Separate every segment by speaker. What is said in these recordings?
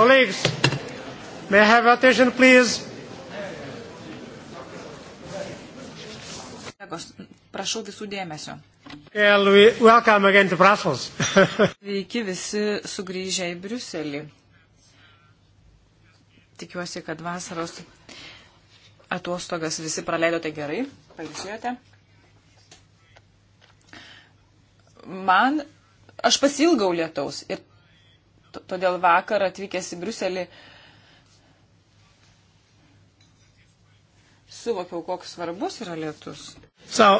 Speaker 1: Colleagues, may I have attention, please?
Speaker 2: Prašau visų dėmesio.
Speaker 1: Welcome again to Brussels.
Speaker 2: Sveiki visi sugrįžę į Briuselį. Tikiuosi, kad vasaros atostogas visi praleidote gerai, palisėjote. Man, aš pasilgau lietaus ir Todėl vakar atvykęs į Bruselį suvokiau, koks svarbus yra lietus. So,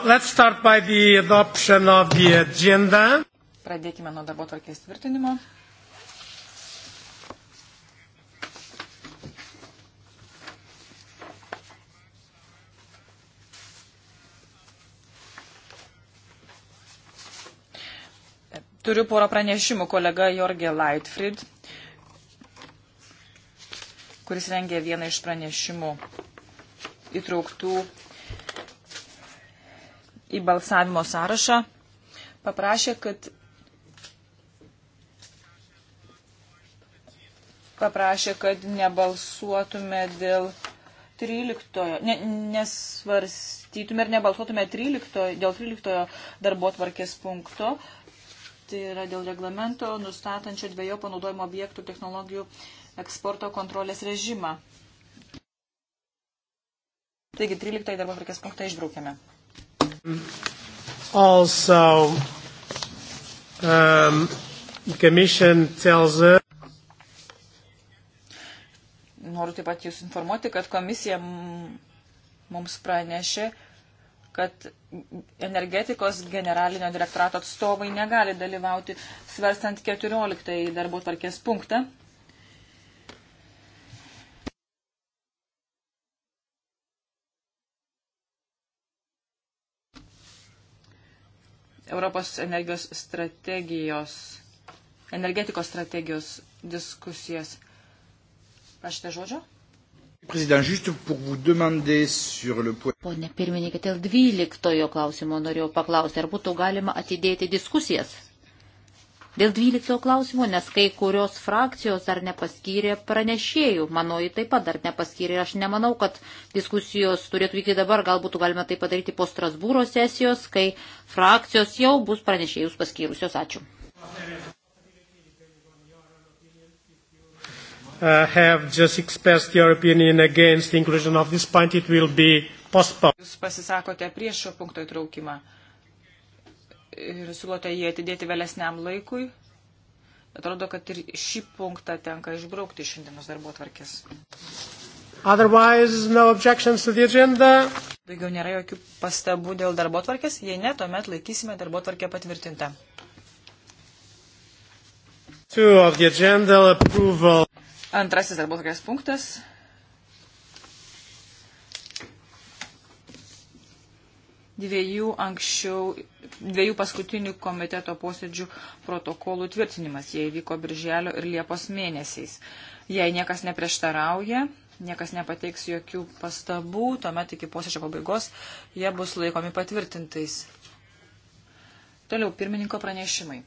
Speaker 2: Pradėkime nuo darbo tvarkės tvirtinimo. Turiu porą pranešimų kolega Jorge Leitfried, kuris rengė vieną iš pranešimų įtrauktų į balsavimo sąrašą, paprašė, kad paprašė, kad nebalsuotume dėl 13, ne, nesvarstytume ir nebalsuotume 13, dėl 13 darbo tvarkės punkto, tai yra dėl reglamento nustatančio dviejų panaudojimo objektų technologijų eksporto kontrolės režimą. Taigi 13 darbo tvarkės punktą išbraukėme.
Speaker 1: Also, um, commission tells us...
Speaker 2: Noriu taip pat jūs informuoti, kad komisija mums pranešė, kad energetikos generalinio direktorato atstovai negali dalyvauti svarstant 14 darbo tvarkės punktą. Europos energijos strategijos, energetikos strategijos diskusijas. Prašyte žodžio?
Speaker 3: Pone pirmininkė, dėl dvyliktojo klausimo norėjau paklausti, ar būtų galima atidėti diskusijas dėl dvyliktojo klausimo, nes kai kurios frakcijos dar nepaskyrė pranešėjų, mano jį taip pat dar nepaskyrė ir aš nemanau, kad diskusijos turėtų vykti dabar, galbūt galima tai padaryti po Strasbūro sesijos, kai frakcijos jau bus pranešėjus paskyrusios. Ačiū.
Speaker 1: uh, have just expressed your opinion against the inclusion of this point, it will be postponed. Jūs
Speaker 2: pasisakote prieš šio punkto įtraukimą ir siūlote jį atidėti vėlesniam laikui. Atrodo, kad ir šį punktą tenka išbraukti šiandienos darbo tvarkės.
Speaker 1: Otherwise, no objections to the agenda.
Speaker 2: Daugiau nėra jokių pastabų dėl darbo tvarkės, jei ne, tuomet laikysime darbo tvarkę patvirtintą.
Speaker 1: Two of the agenda approval.
Speaker 2: Antrasis darbo tokias punktas. Dviejų anksčiau, dviejų paskutinių komiteto posėdžių protokolų tvirtinimas. Jie įvyko birželio ir liepos mėnesiais. Jei niekas neprieštarauja, niekas nepateiks jokių pastabų, tuomet iki posėdžio pabaigos jie bus laikomi patvirtintais. Toliau pirmininko pranešimai.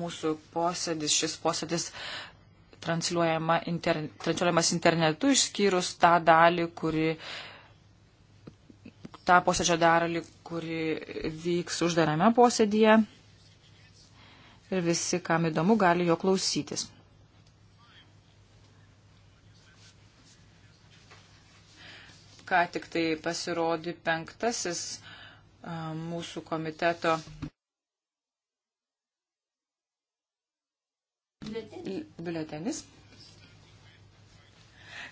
Speaker 2: mūsų posėdis, šis posėdis transliuojama interne, transliuojamas internetu, išskyrus tą dalį, kuri, tą posėdžio dalį, kuri vyks uždarame posėdėje. Ir visi, kam įdomu, gali jo klausytis. Ką tik tai pasirodė penktasis mūsų komiteto biuletenis.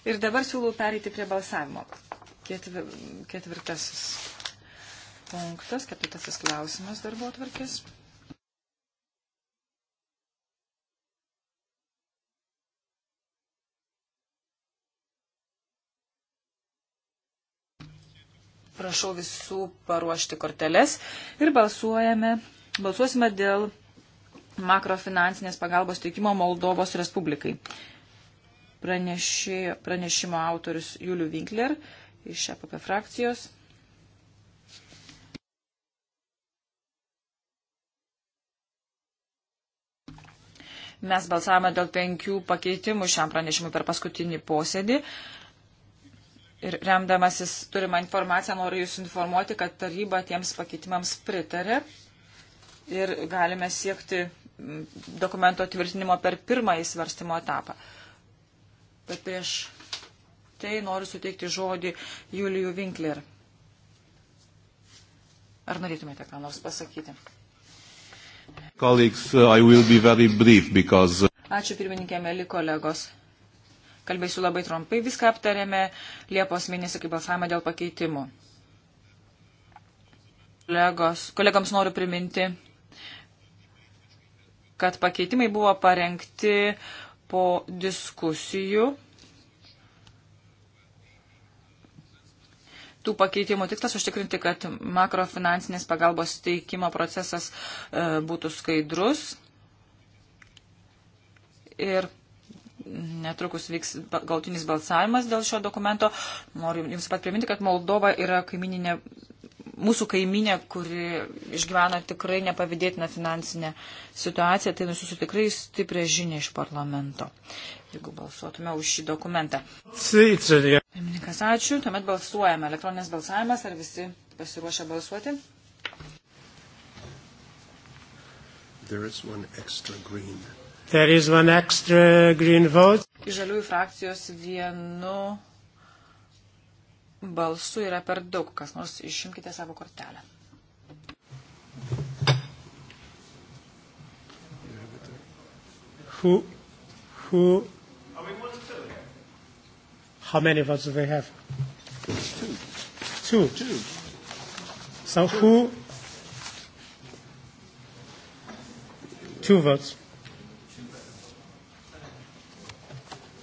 Speaker 2: Ir dabar siūlau pereiti prie balsavimo. Ketvi, ketvirtasis punktas, ketvirtasis klausimas darbo atvarkės.
Speaker 4: Prašau visų
Speaker 2: paruošti korteles ir balsuojame. Balsuosime dėl makrofinansinės pagalbos teikimo Moldovos Respublikai. Pranešė, pranešimo autorius Juliu Winkler iš EPP frakcijos. Mes balsavome dėl penkių pakeitimų šiam pranešimui per paskutinį posėdį. Ir remdamasis turimą informaciją noriu Jūs informuoti, kad taryba tiems pakeitimams pritarė ir galime siekti dokumento tvirtinimo per pirmąjį svarstymo etapą. Bet prieš tai noriu suteikti žodį Julijų Winkler. Ar norėtumėte ką nors pasakyti?
Speaker 1: Colleagues, uh, I
Speaker 4: will be very brief because... Uh,
Speaker 2: Ačiū pirmininkė, mėly kolegos. Kalbėsiu labai trumpai, viską aptarėme Liepos mėnesį, kai balsavome dėl pakeitimų. Kolegos, kolegams noriu priminti, kad pakeitimai buvo parengti po diskusijų. Tų pakeitimų tikslas užtikrinti, kad makrofinansinės pagalbos teikimo procesas e, būtų skaidrus ir netrukus vyks galtinis balsavimas dėl šio dokumento. Noriu Jums pat priminti, kad Moldova yra kaimininė mūsų kaiminė, kuri išgyvena tikrai nepavydėtiną finansinę situaciją, tai nusiusiu tikrai stiprią žinę iš parlamento, jeigu balsuotume už šį dokumentą. Pirmininkas, ačiū. Tuomet balsuojame. Elektroninės balsavimas, ar visi pasiruošę balsuoti?
Speaker 1: There is one extra green. There is one extra green vote.
Speaker 2: Iš žaliųjų frakcijos vienu balsų yra per daug. Kas nors išimkite savo
Speaker 4: kortelę.
Speaker 1: Who, who, how many votes do they have? Two. Two. Two. So two. who? Two votes.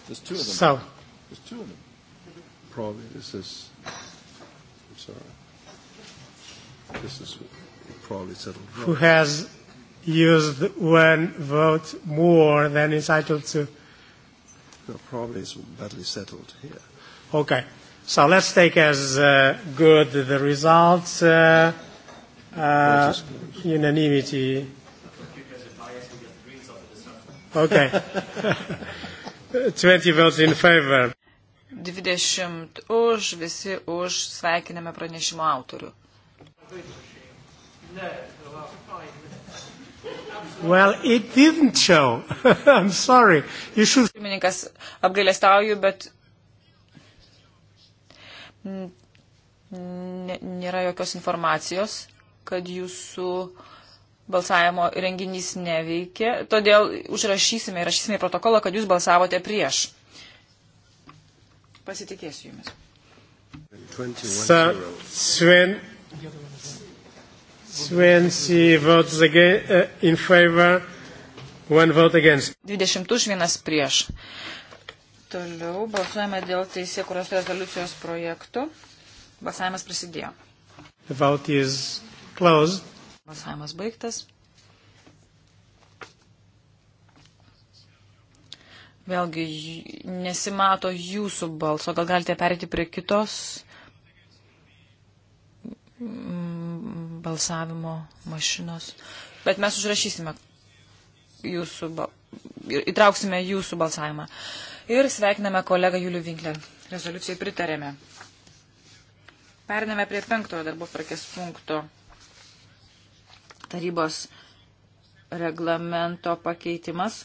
Speaker 1: There's two of them. So.
Speaker 3: There's two of them probably this is. I'm sorry.
Speaker 1: This is probably settled. Wrong. Who has used one vote more than entitled to? No, probably it's badly settled here. Okay. So let's take as uh, good the results. Uh, uh, unanimity. Okay. 20 votes in favor.
Speaker 2: 20 už, visi už, sveikiname pranešimo autorių.
Speaker 1: Well, it didn't show. I'm sorry. You should...
Speaker 2: Pirmininkas, apgailestauju, bet nėra jokios informacijos, kad jūsų balsavimo renginys neveikė. Todėl užrašysime ir rašysime į protokolą, kad jūs balsavote prieš. Pasitikėsiu jumis.
Speaker 1: Sa Sven. Sven, she votes again, uh, eh, in favor, one vote against.
Speaker 2: 20 už, vienas prieš. Toliau balsuojame dėl teisėkuros rezoliucijos projektų. Balsavimas prasidėjo.
Speaker 1: The vote is closed.
Speaker 2: Balsavimas baigtas. Vėlgi nesimato jūsų balso. Gal galite perėti prie kitos mm, balsavimo mašinos. Bet mes užrašysime jūsų, įtrauksime jūsų balsavimą. Ir sveikiname kolegą Julių Vinklę. Rezoliucijai pritarėme. Periname prie penktojo darbo prakės punkto tarybos reglamento pakeitimas,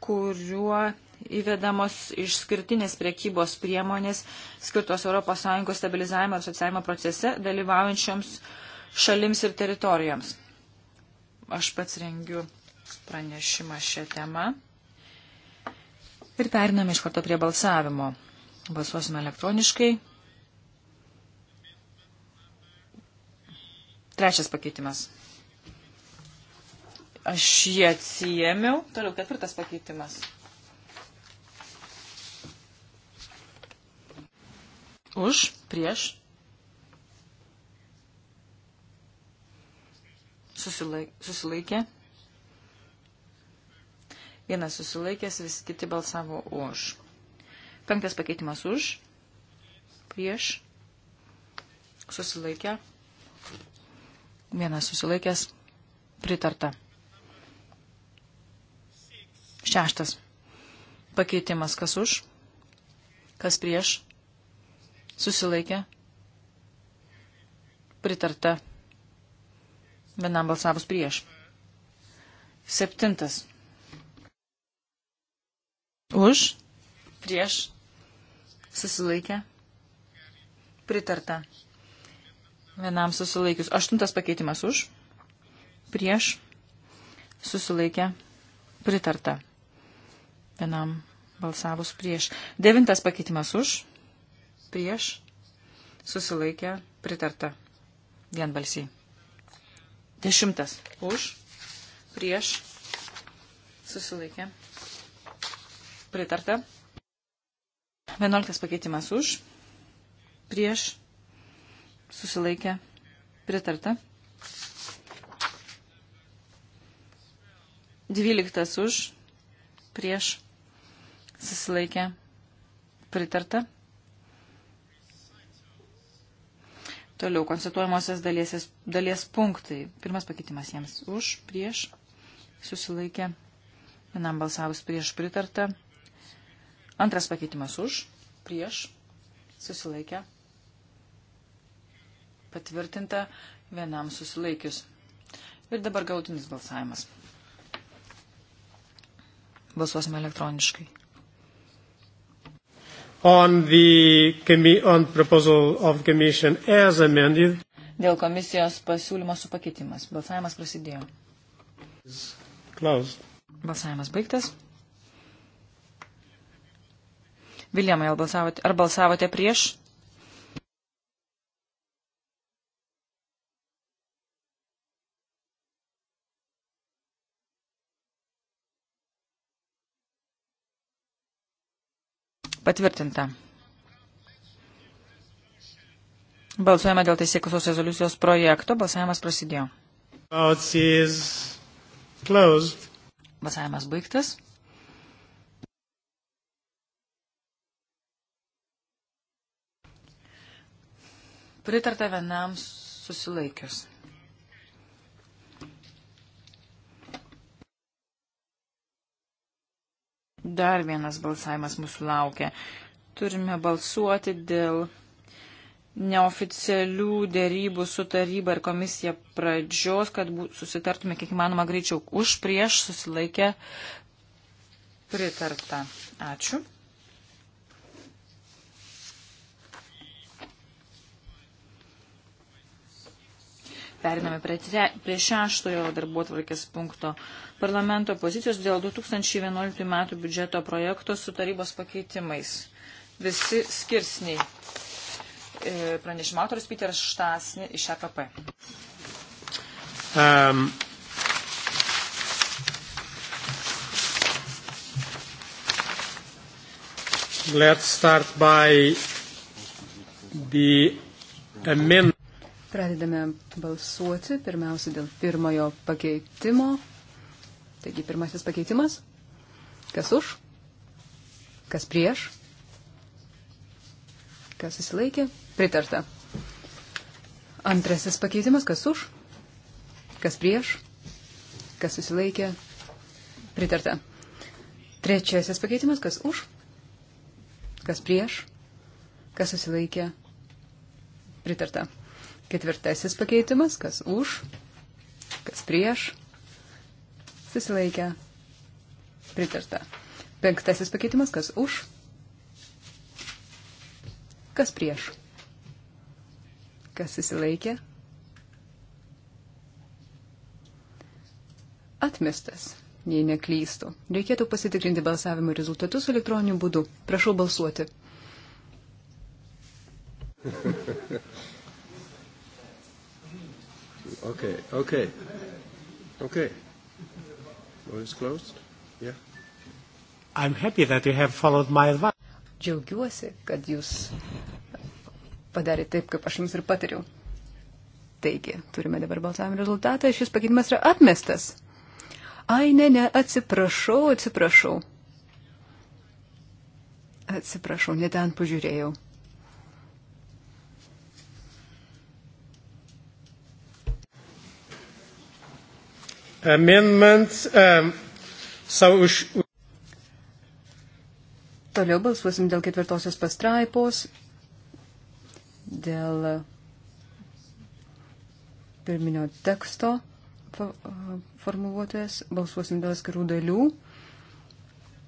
Speaker 2: kuriuo įvedamos išskirtinės priekybos priemonės skirtos ES stabilizavimo ir socialinimo procese dalyvaujančioms šalims ir teritorijoms. Aš pats rengiu pranešimą šią temą. Ir periname iš karto prie balsavimo. Balsuosime elektroniškai. Trečias pakeitimas. Aš jį atsijėmiau. Toliau ketvirtas pakeitimas. Už, prieš. Susilaik, susilaikė. Vienas susilaikęs, visi kiti balsavo už. Penktas pakeitimas už, prieš, susilaikę. Vienas susilaikęs, pritarta. Šeštas. Pakeitimas kas už, kas prieš, Susilaikė. Pritarta. Vienam balsavus prieš. Septintas. Už. Prieš. Susilaikė. Pritarta. Vienam susilaikius. Aštuntas pakeitimas už. Prieš. Susilaikė. Pritarta. Vienam balsavus prieš. Devintas pakeitimas už prieš, susilaikė, pritarta. Vienbalsiai. Dešimtas. Už, prieš, susilaikė, pritarta. Vienuoliktas pakeitimas už, prieš, susilaikė, pritarta. Dvyliktas už, prieš, susilaikė, pritarta. Toliau konstatuojamosios dalies, dalies punktai. Pirmas pakeitimas jiems už, prieš, susilaikė. Vienam balsavus prieš pritarta. Antras pakeitimas už, prieš, susilaikė. Patvirtinta vienam susilaikius. Ir dabar gautinis balsavimas. Balsuosime elektroniškai
Speaker 1: on the on proposal of commission as amended.
Speaker 2: Dėl komisijos pasiūlymo su pakeitimas. Balsavimas prasidėjo. Closed. Balsavimas baigtas. Viljamai, ar balsavote, ar balsavote prieš? Patvirtinta. Balsuojame dėl teisėkusios rezoliucijos projekto. Balsavimas prasidėjo.
Speaker 1: Balsavimas baigtas.
Speaker 2: Pritarta vienam susilaikius. Dar vienas balsavimas mūsų laukia. Turime balsuoti dėl neoficialių dėrybų su taryba ir komisija pradžios, kad susitartume kiek įmanoma greičiau. Už prieš susilaikę pritarta. Ačiū. Periname prie, tre, prie šeštojo darbo tvarkės punkto. Parlamento pozicijos dėl 2011 metų biudžeto projekto su tarybos pakeitimais. Visi skirsniai. E, pranešimo autoris Peter Štasni iš EPP.
Speaker 1: Um. Ehm. Let's start by the amendment.
Speaker 4: Pradedame balsuoti pirmiausia dėl pirmojo pakeitimo. Taigi pirmasis pakeitimas. Kas už? Kas prieš? Kas susilaikė? Pritarta. Antrasis pakeitimas. Kas už? Kas prieš? Kas susilaikė? Pritarta. Trečiasis pakeitimas. Kas už? Kas prieš? Kas susilaikė? Pritarta. Ketvirtasis pakeitimas, kas už, kas prieš, susilaikę, pritarta. Penktasis pakeitimas, kas už, kas prieš, kas susilaikė, atmestas, jei neklystu. Reikėtų pasitikrinti balsavimo rezultatus elektroniniu būdu. Prašau balsuoti.
Speaker 1: Okay, okay. Okay. Vote is closed. Yeah. I'm happy that you have followed my advice. Džiaugiuosi,
Speaker 4: kad jūs padarėte taip, kaip aš jums ir patariau. Taigi, turime dabar balsavimo rezultatą, šis pakeitimas yra atmestas. Ai, ne, ne, atsiprašau, atsiprašau. Atsiprašau, ne ten
Speaker 1: pažiūrėjau. amendments. Um, so už...
Speaker 4: Toliau balsuosim dėl ketvirtosios pastraipos, dėl pirminio teksto formuluotės, balsuosim dėl skirų dalių.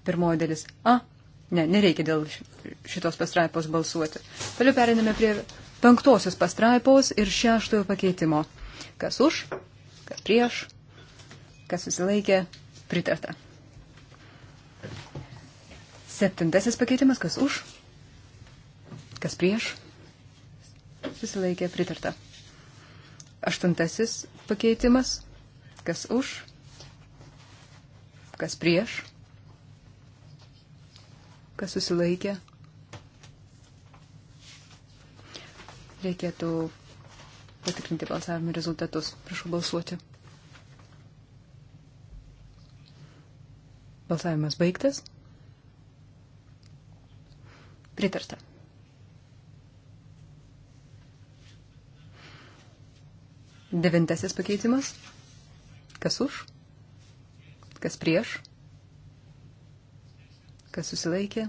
Speaker 4: Pirmoji dalis A. Ne, nereikia dėl šitos pastraipos balsuoti. Toliau periname prie penktosios pastraipos ir šeštojo pakeitimo. Kas už, kas prieš, kas susilaikė, pritarta. Septintasis pakeitimas, kas už, kas prieš, susilaikė, pritarta. Aštuntasis pakeitimas, kas už, kas prieš, kas susilaikė. Reikėtų patikrinti balsavimo rezultatus. Prašau balsuoti. Balsavimas baigtas. Pritarta. Devintasis pakeitimas. Kas už? Kas prieš? Kas susilaikė?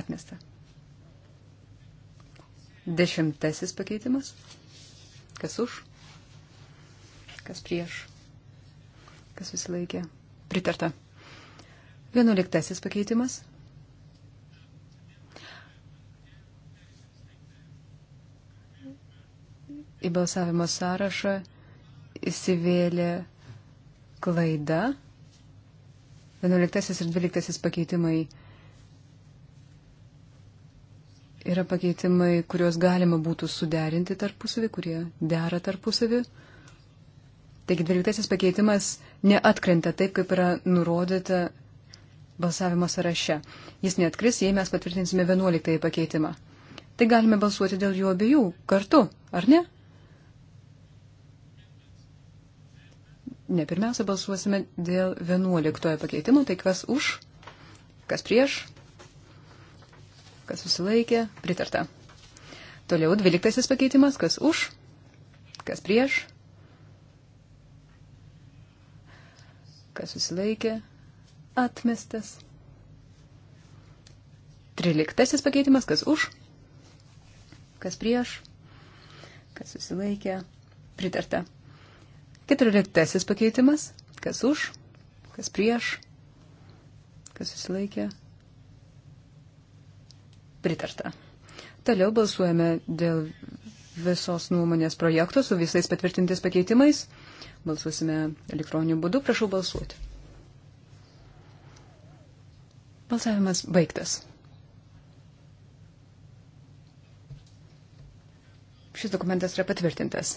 Speaker 4: Atmesta. Dešimtasis pakeitimas. Kas už? Kas prieš? kas susilaikė. Pritarta. Vienuoliktasis pakeitimas. Į balsavimo sąrašą įsivėlė klaida. Vienuoliktasis ir dvyliktasis pakeitimai yra pakeitimai, kuriuos galima būtų suderinti tarpusavį, kurie dera tarpusavį. Taigi dvyliktasis pakeitimas neatkrenta taip, kaip yra nurodyta balsavimo sąraše. Jis neatkris, jei mes patvirtinsime vienuoliktąjį pakeitimą. Tai galime balsuoti dėl jų abiejų kartu, ar ne? Ne, pirmiausia balsuosime dėl vienuoliktojo pakeitimo, tai kas už, kas prieš, kas susilaikė, pritarta. Toliau dvyliktasis pakeitimas, kas už, kas prieš, kas susilaikė, atmestas. Triliktasis pakeitimas, kas už, kas prieš, kas susilaikė, pritarta. Keturioliktasis pakeitimas, kas už, kas prieš, kas susilaikė, pritarta. Toliau balsuojame dėl visos nuomonės projekto su visais patvirtintis pakeitimais. Balsuosime elektroniniu būdu. Prašau balsuoti. Balsavimas baigtas. Šis dokumentas yra patvirtintas.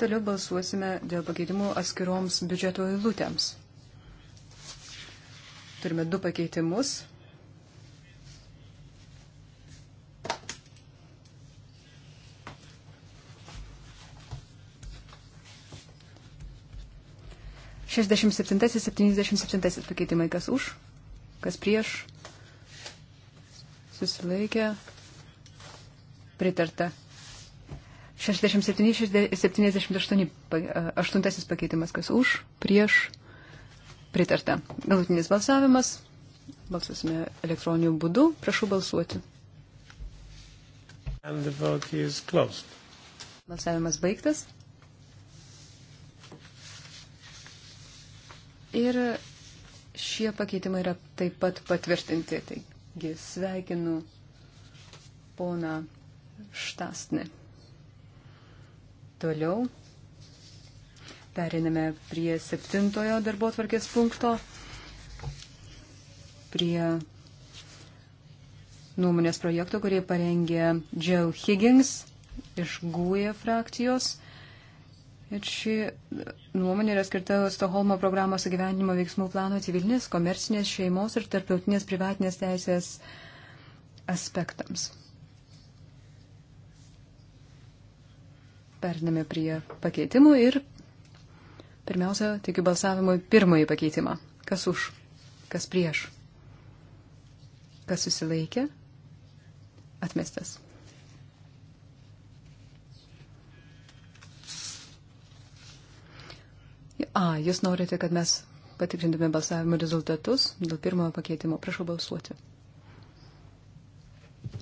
Speaker 4: Toliau balsuosime dėl pakeitimų atskiroms biudžeto eilutėms. Turime du pakeitimus. 67-77 pakeitimai, kas už, kas prieš, susilaikė, pritarta. 67-78 pakeitimas, kas už, prieš, pritarta. Galutinis balsavimas. Balsasime elektroniniu būdu. Prašau balsuoti. Balsavimas baigtas. Ir šie pakeitimai yra taip pat patvirtinti. Taigi sveikinu poną Štasnį. Toliau periname prie septintojo darbo tvarkės punkto, prie nuomonės projekto, kurį parengė Joe Higgins iš GUE frakcijos. Ir ši nuomonė yra skirta Stoholmo programos įgyvendinimo veiksmų plano civilinės, komercinės, šeimos ir tarptautinės privatinės teisės aspektams. Pername prie pakeitimų ir pirmiausia, tikiu balsavimui pirmąjį pakeitimą. Kas už, kas prieš, kas susilaikė, atmestas. A, jūs norite, kad mes patikrintume balsavimo rezultatus dėl pirmojo pakeitimo. Prašau balsuoti.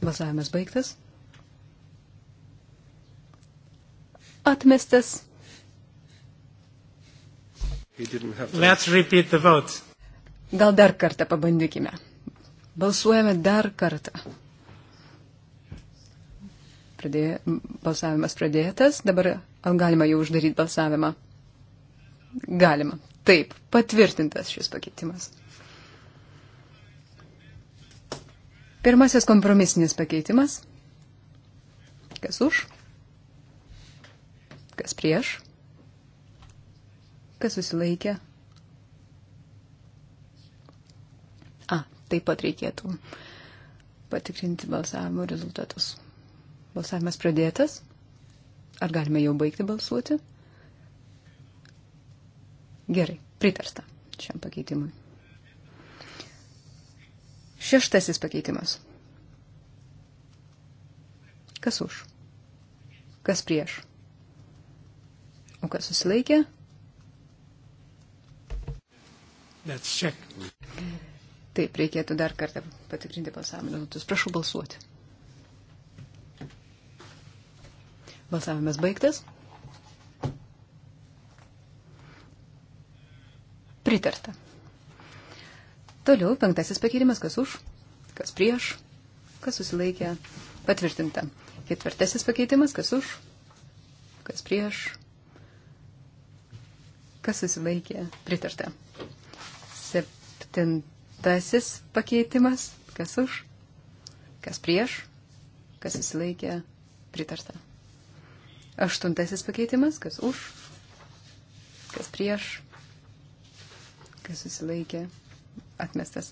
Speaker 4: Balsavimas baigtas. Atmestas.
Speaker 1: Let's repeat the vote.
Speaker 4: Gal dar kartą pabandykime. Balsuojame dar kartą. Pradė, balsavimas pradėtas, dabar galima jau uždaryti balsavimą. Galima. Taip, patvirtintas šis pakeitimas. Pirmasis kompromisinis pakeitimas. Kas už? Kas prieš? Kas susilaikė? A, taip pat reikėtų patikrinti balsavimo rezultatus. Balsavimas pradėtas. Ar galime jau baigti balsuoti? Gerai, pritarsta šiam pakeitimui. Šeštasis pakeitimas. Kas už? Kas prieš? O kas susilaikė? Taip, reikėtų dar kartą patikrinti balsavimo rezultatus. Prašau balsuoti. Balsavimas baigtas. Pritarta. Toliau penktasis pakeitimas, kas už, kas prieš, kas susilaikė, patvirtinta. Ketvirtasis pakeitimas, kas už, kas prieš, kas susilaikė, pritarta. Septintasis pakeitimas, kas už, kas prieš, kas susilaikė, pritarta. Aštuntasis pakeitimas, kas už, kas prieš, kas susilaikė, atmestas.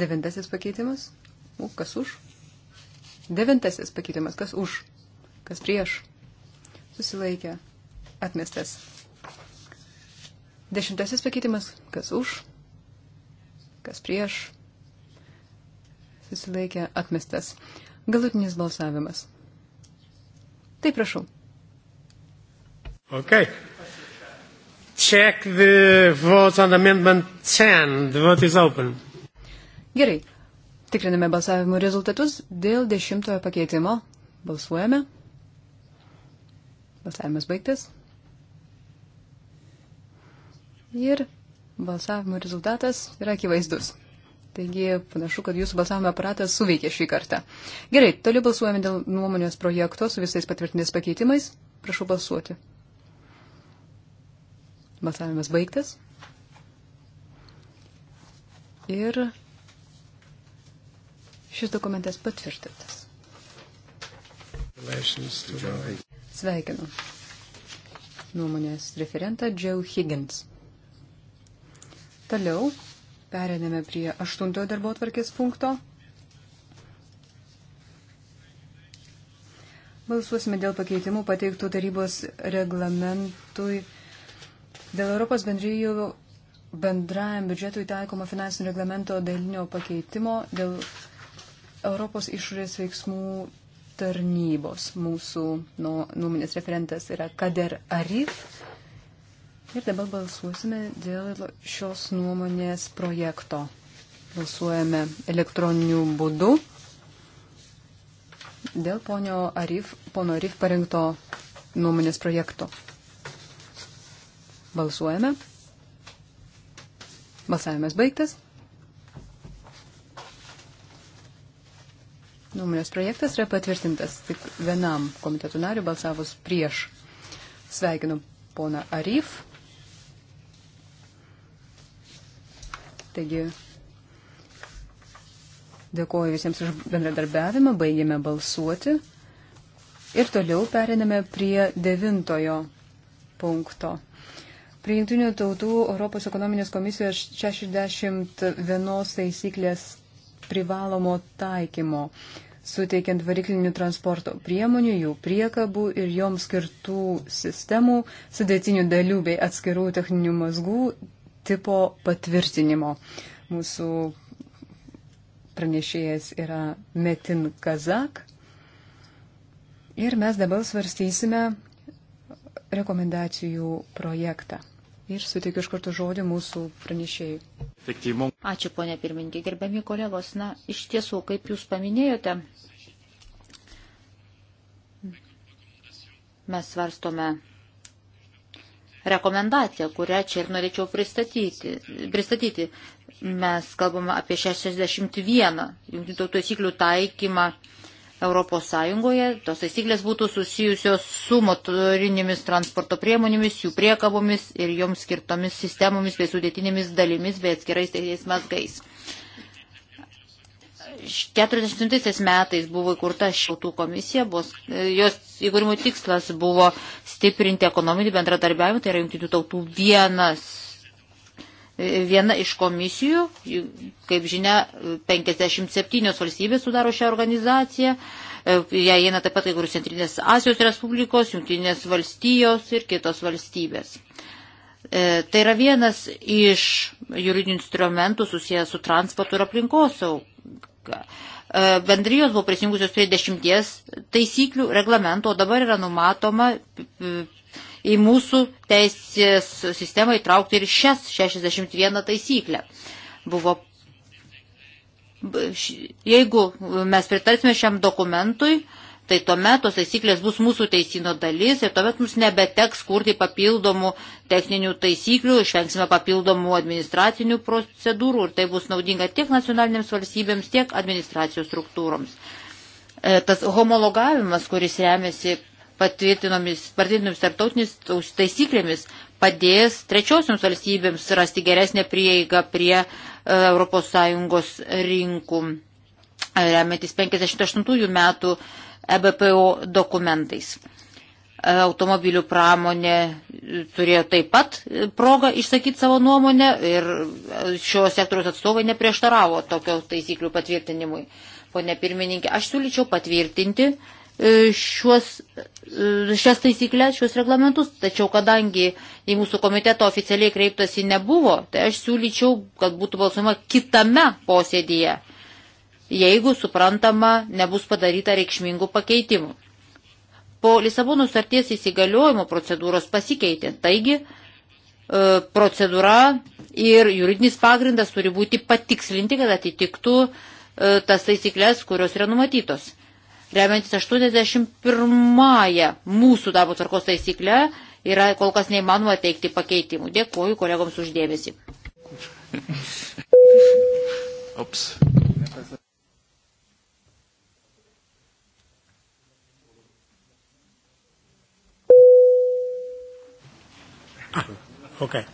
Speaker 4: Devintasis pakeitimas, U, kas už. Devintasis pakeitimas, kas už, kas prieš, susilaikė, atmestas. Dešimtasis pakeitimas, kas už, kas prieš, susilaikė, atmestas. Galutinis balsavimas. Taip, prašau.
Speaker 1: Okay check the votes on amendment 10. The vote is open.
Speaker 4: Gerai. Tikriname balsavimo rezultatus dėl dešimtojo pakeitimo. Balsuojame. Balsavimas baigtas. Ir balsavimo rezultatas yra akivaizdus. Taigi panašu, kad jūsų balsavimo aparatas suveikė šį kartą. Gerai, toliau balsuojame dėl nuomonės projekto su visais patvirtinės pakeitimais. Prašau balsuoti. Balsavimas baigtas. Ir šis dokumentas patvirtintas. Sveikinu. Nuomonės referentą Joe Higgins. Toliau perėmėme prie aštuntojo darbo atvarkės punkto. Balsuosime dėl pakeitimų pateiktų tarybos reglamentui 2021-2021. Dėl Europos bendryjų bendrajam biudžetui taikomo finansinio reglamento dalinio pakeitimo, dėl Europos išorės veiksmų tarnybos mūsų nu, nuomonės referentas yra Kader Arif. Ir dabar balsuosime dėl šios nuomonės projekto. Balsuojame elektroniniu būdu dėl ponio Arif, pono Arif parengto nuomonės projekto. Balsuojame. Balsavimas baigtas. Nuomonės projektas yra patvirtintas tik vienam komitetų nariu balsavus prieš. Sveikinu poną Arif. Taigi, dėkoju visiems už bendradarbiavimą, baigėme balsuoti ir toliau periname prie devintojo punkto. Prie Junktinių tautų Europos ekonominės komisijos 61 taisyklės privalomo taikymo, suteikiant variklinių transporto priemonių, jų priekabų ir joms skirtų sistemų, sudėtinių dalių bei atskirų techninių mazgų tipo patvirtinimo. Mūsų pranešėjas yra Metin Kazak. Ir mes dabar svarstysime rekomendacijų projektą ir suteikiu iš karto žodį mūsų pranešėjai.
Speaker 3: Ačiū, ponė pirmininkė. Gerbiami kolegos, na, iš tiesų, kaip jūs paminėjote, mes svarstome rekomendaciją, kurią čia ir norėčiau pristatyti. pristatyti. Mes kalbame apie 61 jungtinių tautų taisyklių taikymą Europos Sąjungoje tos taisyklės būtų susijusios su motorinėmis transporto priemonėmis, jų priekabomis ir joms skirtomis sistemomis bei sudėtinėmis dalimis bei atskirais teisės mazgais. 47 metais buvo įkurta šiltų komisija, bus, jos įkūrimo tikslas buvo stiprinti ekonominį bendradarbiavimą, tai yra jungtinių tautų vienas Viena iš komisijų, kaip žinia, 57 valstybės sudaro šią organizaciją, jie eina taip pat kai kurių Centrinės Azijos Respublikos, Jungtinės valstijos ir kitos valstybės. E, tai yra vienas iš juridinių instrumentų susijęs su transportu ir aplinkosauga e, bendrijos buvo prisijungusios prie dešimties taisyklių reglamento, o dabar yra numatoma į mūsų teisės sistemą įtraukti ir šias 61 taisyklę. Buvo, jeigu mes pritarsime šiam dokumentui, tai tuomet tos taisyklės bus mūsų teisino dalis ir tuomet mums nebeteks kurti papildomų techninių taisyklių, išvengsime papildomų administracinių procedūrų ir tai bus naudinga tiek nacionalinėms valstybėms, tiek administracijos struktūroms. E, tas homologavimas, kuris remiasi patvirtinomis tarptautinis taisyklėmis padės trečiosioms valstybėms rasti geresnę prieigą prie ES rinkų, e, remiantis 58 metų EBPO dokumentais. E, automobilių pramonė turėjo taip pat progą išsakyti savo nuomonę ir e, šio sektoriaus atstovai neprieštaravo tokio taisyklių patvirtinimui. Pone pirmininkė, aš siūlyčiau patvirtinti uh, E, šiuos, e, šias taisyklės, šiuos reglamentus. Tačiau kadangi į mūsų komiteto oficialiai kreiptasi nebuvo, tai aš siūlyčiau, kad būtų balsuojama kitame posėdėje, jeigu suprantama nebus padaryta reikšmingų pakeitimų. Po Lisabonų sarties įsigaliojimo procedūros pasikeitė, taigi e, procedūra ir juridinis pagrindas turi būti patikslinti, kad atitiktų tas taisyklės, kurios yra numatytos remiantis 81 mūsų darbo tvarkos taisykle, yra kol kas neįmanoma teikti pakeitimų. Dėkuoju kolegoms uždėmesi. Ops.
Speaker 1: Ah, okay.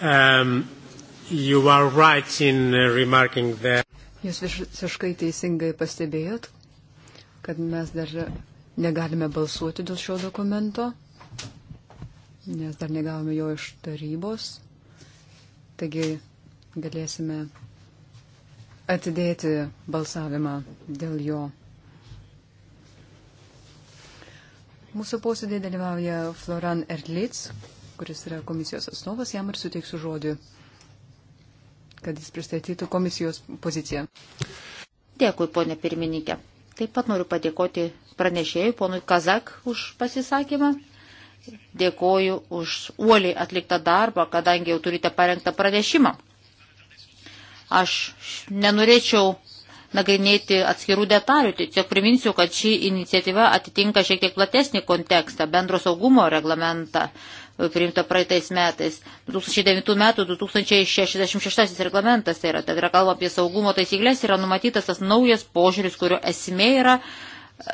Speaker 1: Um, you are right in uh, remarking that.
Speaker 4: Jūs visiškai teisingai pastebėjot, kad mes dar negalime balsuoti dėl šio dokumento, nes dar negavome jo iš tarybos. Taigi galėsime atidėti balsavimą dėl jo. Mūsų posėdėje dalyvauja Floran Erlitz, kuris yra komisijos atstovas, jam ir suteiksiu žodį,
Speaker 3: kad jis pristatytų komisijos poziciją. Dėkui, ponė pirmininkė. Taip pat noriu padėkoti pranešėjui, ponui Kazak, už pasisakymą. Dėkoju už uoliai atliktą darbą, kadangi jau turite parengtą pranešimą. Aš nenorėčiau nagrinėti atskirų detalių, tiesiog priminsiu, kad ši iniciatyva atitinka šiek tiek platesnį kontekstą, bendro saugumo reglamentą, priimta praeitais metais. 2009 metų 2066 reglamentas tai yra, tai yra kalba apie saugumo taisyklės, yra numatytas tas naujas požiūris, kurio esmė yra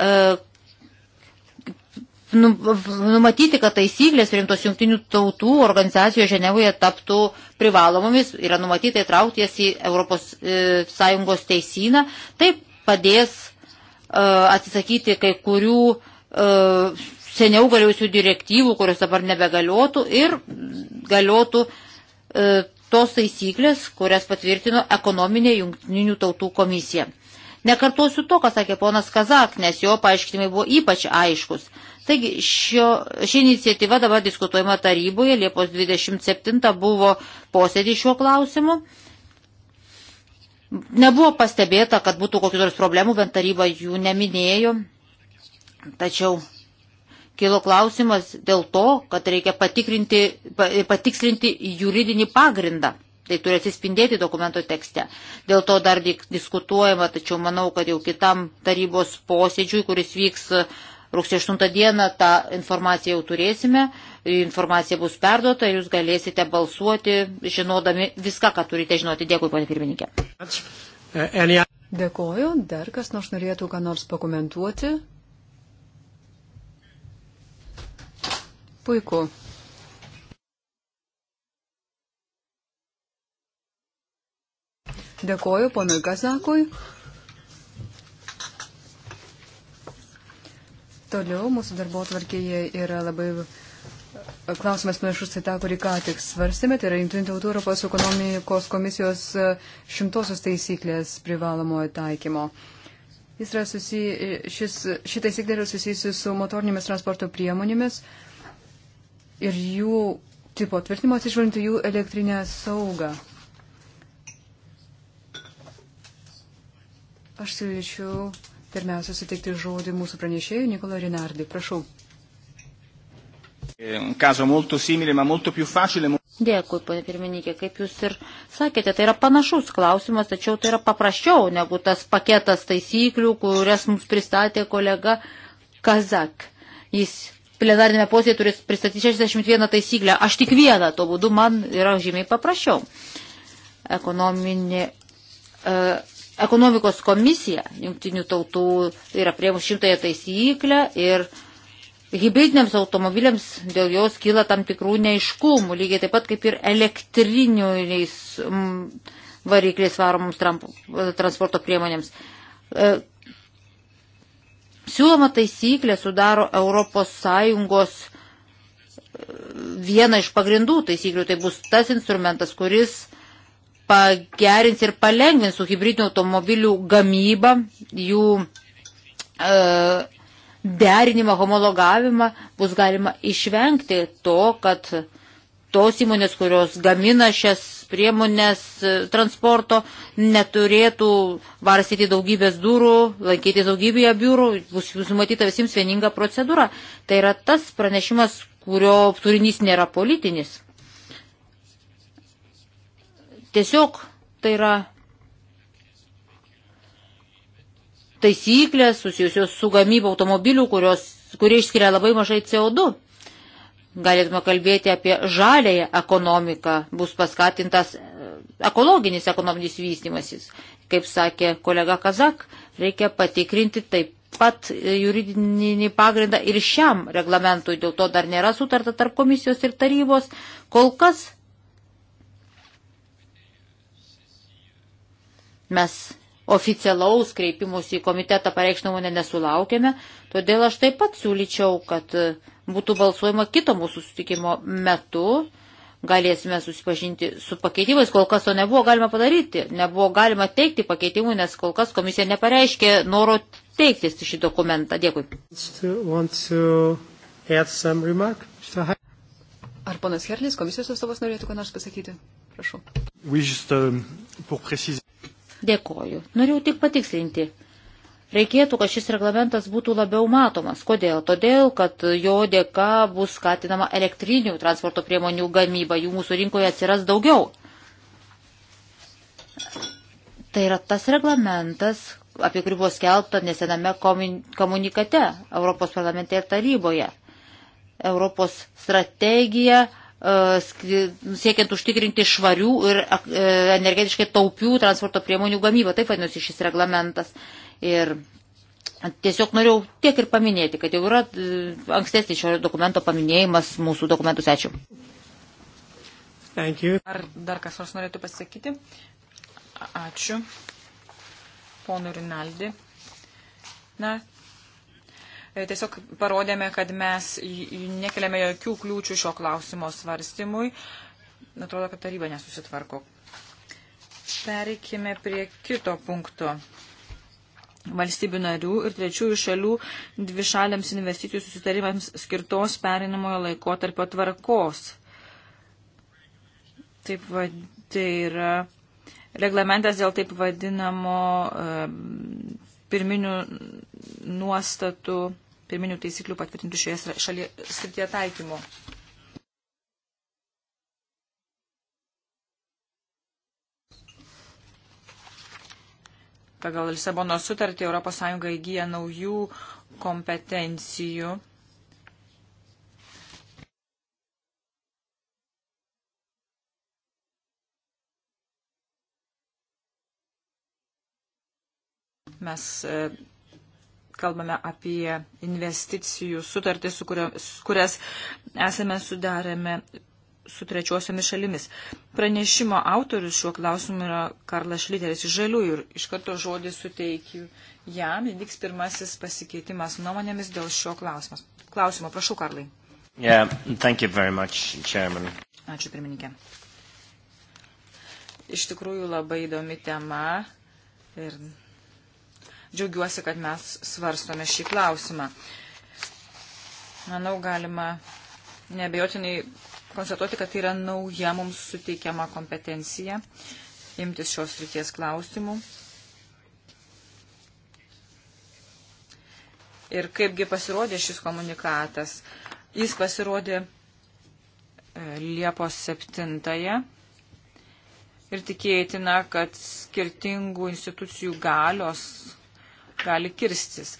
Speaker 3: e, nu, numatyti, kad taisyklės priimtos jungtinių tautų organizacijos Ženevoje taptų privalomomis, yra numatyta įtraukti jas į Europos e, Sąjungos teisyną, tai padės e, atsisakyti kai kurių e, seniau galiojusių direktyvų, kurios dabar nebegaliotų ir galiotų e, tos taisyklės, kurias patvirtino ekonominė jungtinių tautų komisija. Nekartosiu to, ką sakė ponas Kazak, nes jo paaiškinimai buvo ypač aiškus. Taigi šio, ši iniciatyva dabar diskutuojama taryboje, Liepos 27 buvo posėdį šiuo klausimu. Nebuvo pastebėta, kad būtų kokių nors problemų, bent taryba jų neminėjo. Tačiau kilo klausimas dėl to, kad reikia patikslinti juridinį pagrindą. Tai turi atsispindėti dokumento tekste. Dėl to dar diskutuojama, tačiau manau, kad jau kitam tarybos posėdžiui, kuris vyks e, rugsėjo 8 dieną, tą informaciją jau turėsime. Informacija bus perduota ir jūs galėsite balsuoti, žinodami viską, ką turite žinoti. Dėkui, ponė pirmininkė.
Speaker 4: E, Dėkoju. Dar kas nors norėtų ką nors pakomentuoti? Puiku. Dėkoju ponui Kazakui. Toliau mūsų darbo tvarkėje yra labai e, klausimas panašus į tą, kurį ką tik svarstėme. Tai yra Junktinių tautų Europos ekonomikos komisijos e, šimtosios taisyklės privalomojo taikymo. Jis yra susi, e, šis, ši taisyklė yra susijusi su motorinėmis transporto priemonėmis, ir jų tipo tvirtinimo atsižvelgiant jų elektrinę saugą. Aš siūlyčiau pirmiausia suteikti žodį mūsų pranešėjui Nikola Rinardi. Prašau.
Speaker 1: E,
Speaker 3: Dėkui, ponė pirmininkė, kaip jūs ir sakėte, tai yra panašus klausimas, tačiau tai yra paprasčiau negu tas paketas taisyklių, kurias mums pristatė kolega Kazak. Jis plenarinėme posėdėje turės pristatyti 61 taisyklę. Aš tik vieną, to būdu man yra žymiai paprasčiau. Ekonominė, e, ekonomikos komisija jungtinių tautų yra prie šimtąją taisyklę ir hybridiniams automobiliams dėl jos kyla tam tikrų neiškumų, lygiai taip pat kaip ir elektriniais varikliais varomoms transporto priemonėms. E, Siūloma taisyklė sudaro ES e, vieną iš pagrindų taisyklių. Tai bus tas instrumentas, kuris pagerins ir palengvins su hybridinių automobilių gamybą, jų e, derinimą, homologavimą, bus galima išvengti to, kad tos įmonės, kurios gamina šias priemonės e, transporto, neturėtų varstyti daugybės durų, laikyti daugybėje biurų, bus numatyta visiems vieninga procedūra. Tai yra tas pranešimas, kurio turinys nėra politinis. Tiesiog tai yra taisyklės susijusios su gamyba automobilių, kurios, kurie išskiria labai mažai CO2 galėtume kalbėti apie žalėją ekonomiką, bus paskatintas e, ekologinis ekonominis vystimasis. Kaip sakė kolega Kazak, reikia patikrinti taip pat e, juridinį pagrindą ir šiam reglamentui, dėl to dar nėra sutarta tarp komisijos ir tarybos. Kol kas mes oficialaus kreipimus į komitetą pareikštą nuomonę nesulaukėme, todėl aš taip pat siūlyčiau, kad būtų balsuojama kito mūsų sutikimo metu, galėsime susipažinti su pakeitimais, kol kas to nebuvo galima padaryti, nebuvo galima teikti pakeitimų, nes kol kas komisija nepareiškė noro teikti šį dokumentą. Dėkui. Ar ponas Herlis, komisijos atstovas, norėtų ką nors pasakyti?
Speaker 1: Prašau. Oui, just, um, euh,
Speaker 3: Dėkoju. Norėjau tik patikslinti. Reikėtų, kad šis reglamentas būtų labiau matomas. Kodėl? Todėl, kad jo dėka bus skatinama elektrinių transporto priemonių gamyba, jų mūsų rinkoje atsiras daugiau. Tai yra tas reglamentas, apie kurį buvo skelbta nesename komunikate Europos parlamente ir taryboje. Europos strategija E, siekiant užtikrinti švarių ir e, energetiškai taupių transporto priemonių gamybą. Taip vadinosi šis reglamentas. Ir tiesiog norėjau tiek ir paminėti, kad jau yra e, ankstesnis šio dokumento paminėjimas mūsų dokumentus. Ačiū. Ar
Speaker 2: dar kas nors norėtų pasakyti? Ačiū. Ponu Rinaldi. Na, E, tiesiog parodėme, kad mes nekeliame jokių kliūčių šio klausimo svarstymui. Atrodo, kad taryba nesusitvarko. Pereikime prie kito punkto valstybių narių ir trečiųjų šalių dvišaliams investicijų susitarimams skirtos perinamojo laikotarpio tvarkos. Taip va, tai yra reglamentas dėl taip vadinamo e, pirminių nuostatų pirminių taisyklių patvirtintų šioje šalyje srityje taikymu. Pagal Lisabono sutartį ES įgyja naujų kompetencijų. Mes e, kalbame apie investicijų sutartį, su kurio, kurias esame sudarėme su trečiosiomis šalimis. Pranešimo autorius šiuo klausimu yra Karlas Šliteris iš Žaliųjų ir iš karto žodį suteikiu jam. Vyks pirmasis pasikeitimas nuomonėmis dėl šio klausimas. klausimo. Prašau, Karlai.
Speaker 1: Yeah, much, chairman.
Speaker 2: Ačiū, pirmininkė. Iš tikrųjų labai įdomi tema ir Džiaugiuosi, kad mes svarstome šį klausimą. Manau, galima nebejotinai konstatuoti, kad tai yra nauja mums suteikiama kompetencija imtis šios ryties klausimų. Ir kaipgi pasirodė šis komunikatas. Jis pasirodė e, Liepos 7-ąją ir tikėtina, kad skirtingų institucijų galios gali kirstis.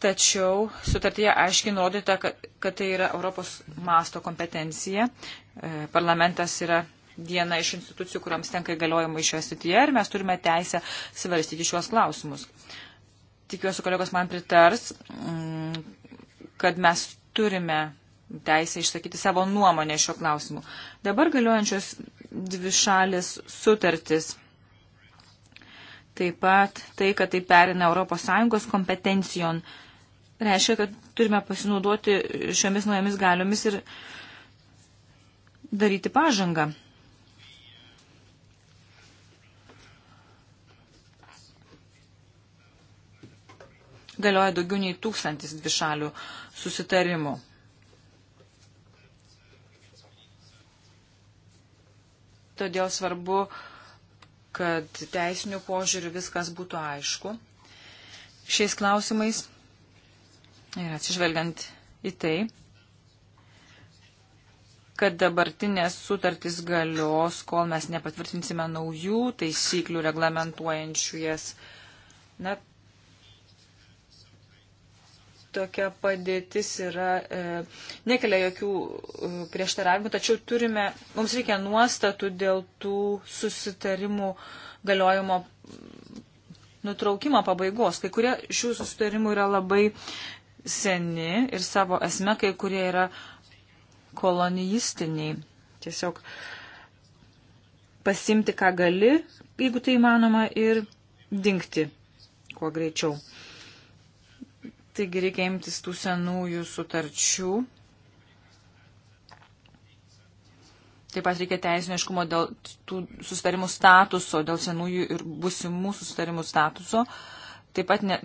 Speaker 2: Tačiau sutartyje aiškiai nurodyta, kad, kad tai yra Europos masto kompetencija. E, parlamentas yra viena iš institucijų, kuriams tenka įgaliojimai šioje srityje ir mes turime teisę svarstyti šiuos klausimus. Tikiuosi, kolegos man pritars, mm, kad mes turime teisę išsakyti savo nuomonę šiuo klausimu. Dabar galiojančios dvi šalis sutartis Taip pat tai, kad tai perina ES kompetencijon, reiškia, kad turime pasinaudoti šiomis naujomis galiomis ir daryti pažangą. Galioja daugiau nei tūkstantis dvišalių susitarimų. Todėl svarbu uh, kad teisinių požiūrių viskas būtų aišku šiais klausimais ir atsižvelgiant į tai, kad dabartinės sutartys galios, kol mes nepatvirtinsime naujų taisyklių reglamentuojančių jas. Na, tokia padėtis yra, e, nekelia jokių e, prieštaravimų, tačiau turime, mums reikia nuostatų dėl tų susitarimų galiojimo nutraukimo pabaigos. Kai kurie šių susitarimų yra labai seni ir savo esme, kai kurie yra kolonijistiniai. Tiesiog pasimti, ką gali, jeigu tai įmanoma, ir dinkti kuo greičiau. Taigi reikia imtis tų senųjų sutarčių. Taip pat reikia teisiniškumo dėl tų susitarimų statuso, dėl senųjų ir busimų susitarimų statuso. Taip pat ne,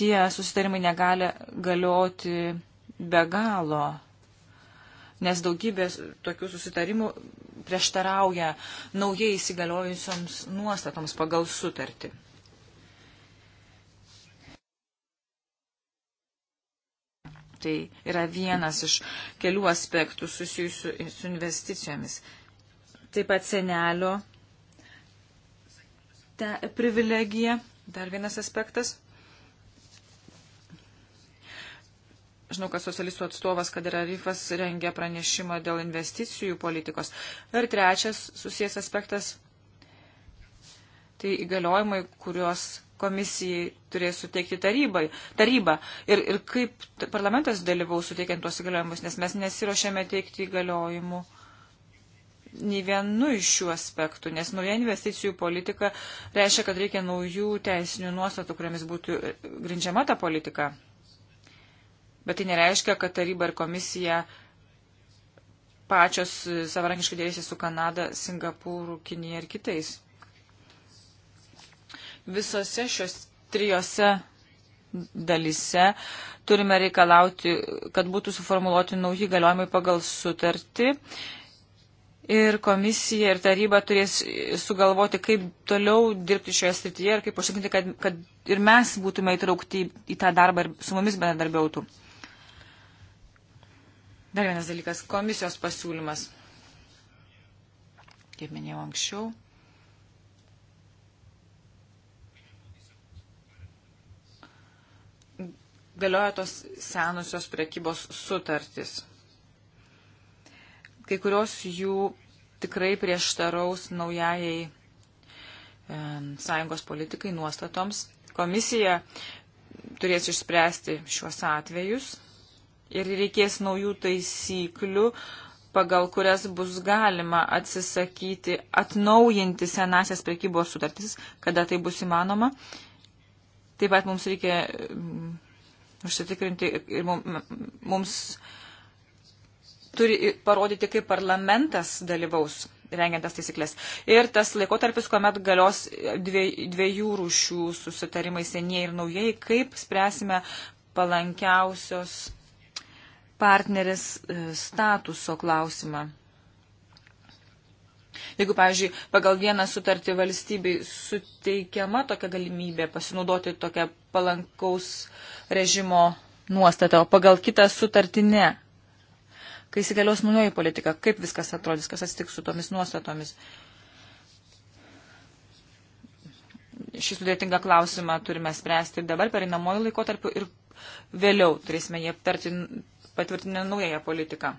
Speaker 2: tie susitarimai negali galioti be galo, nes daugybės tokių susitarimų prieštarauja naujai įsigaliojusioms nuostatoms pagal sutartį. Tai yra vienas iš kelių aspektų susijusių su investicijomis. Taip pat senelio privilegija, dar vienas aspektas. Žinau, kad socialistų atstovas Kadira Rifas rengia pranešimą dėl investicijų politikos. Ir trečias susijęs aspektas - tai įgaliojimai, kuriuos komisijai turės suteikti tarybai, taryba ir, ir kaip parlamentas dalyvaus suteikiant tuos įgaliojimus, nes mes nesirošėme teikti įgaliojimų nei vienu iš šių aspektų, nes nauja investicijų politika reiškia, kad reikia naujų teisinių nuostatų, kuriamis būtų e, grindžiama ta politika. Bet tai nereiškia, kad taryba ir komisija pačios e, savarankiškai dėrėsi su Kanada, Singapūru, Kinija ir kitais visose šios trijose dalise turime reikalauti, kad būtų suformuoluoti nauji galiojimai pagal sutartį. Ir komisija ir taryba turės sugalvoti, kaip toliau dirbti šioje srityje ir kaip užtikrinti, kad, kad ir mes būtume įtraukti į tą darbą ir su mumis bendradarbiautų. Dar vienas dalykas - komisijos pasiūlymas. Kaip minėjau anksčiau. galioja tos senusios prekybos sutartys. Kai kurios jų tikrai prieštaraus naujajai e, sąjungos politikai nuostatoms. Komisija turės išspręsti šiuos atvejus ir reikės naujų taisyklių, pagal kurias bus galima atsisakyti, atnaujinti senasias prekybos sutartis, kada tai bus įmanoma. Taip pat mums reikia užsitikrinti ir mums turi parodyti, kaip parlamentas dalyvaus rengiantas taisyklės. Ir tas laikotarpis, kuomet galios dviejų rūšių susitarimai senieji ir naujieji, kaip spręsime palankiausios partneris e, statuso klausimą. Jeigu, pavyzdžiui, pagal vieną sutartį valstybei suteikiama tokia galimybė pasinaudoti tokią palankaus režimo nuostatą, o pagal kitą sutartį ne. Kai įsigalios naujoji politika, kaip viskas atrodys, kas atsitiks su tomis nuostatomis. šį sudėtingą klausimą turime spręsti ir dabar pereinamojų laikotarpiu ir vėliau turėsime jį aptarti patvirtinę naująją politiką.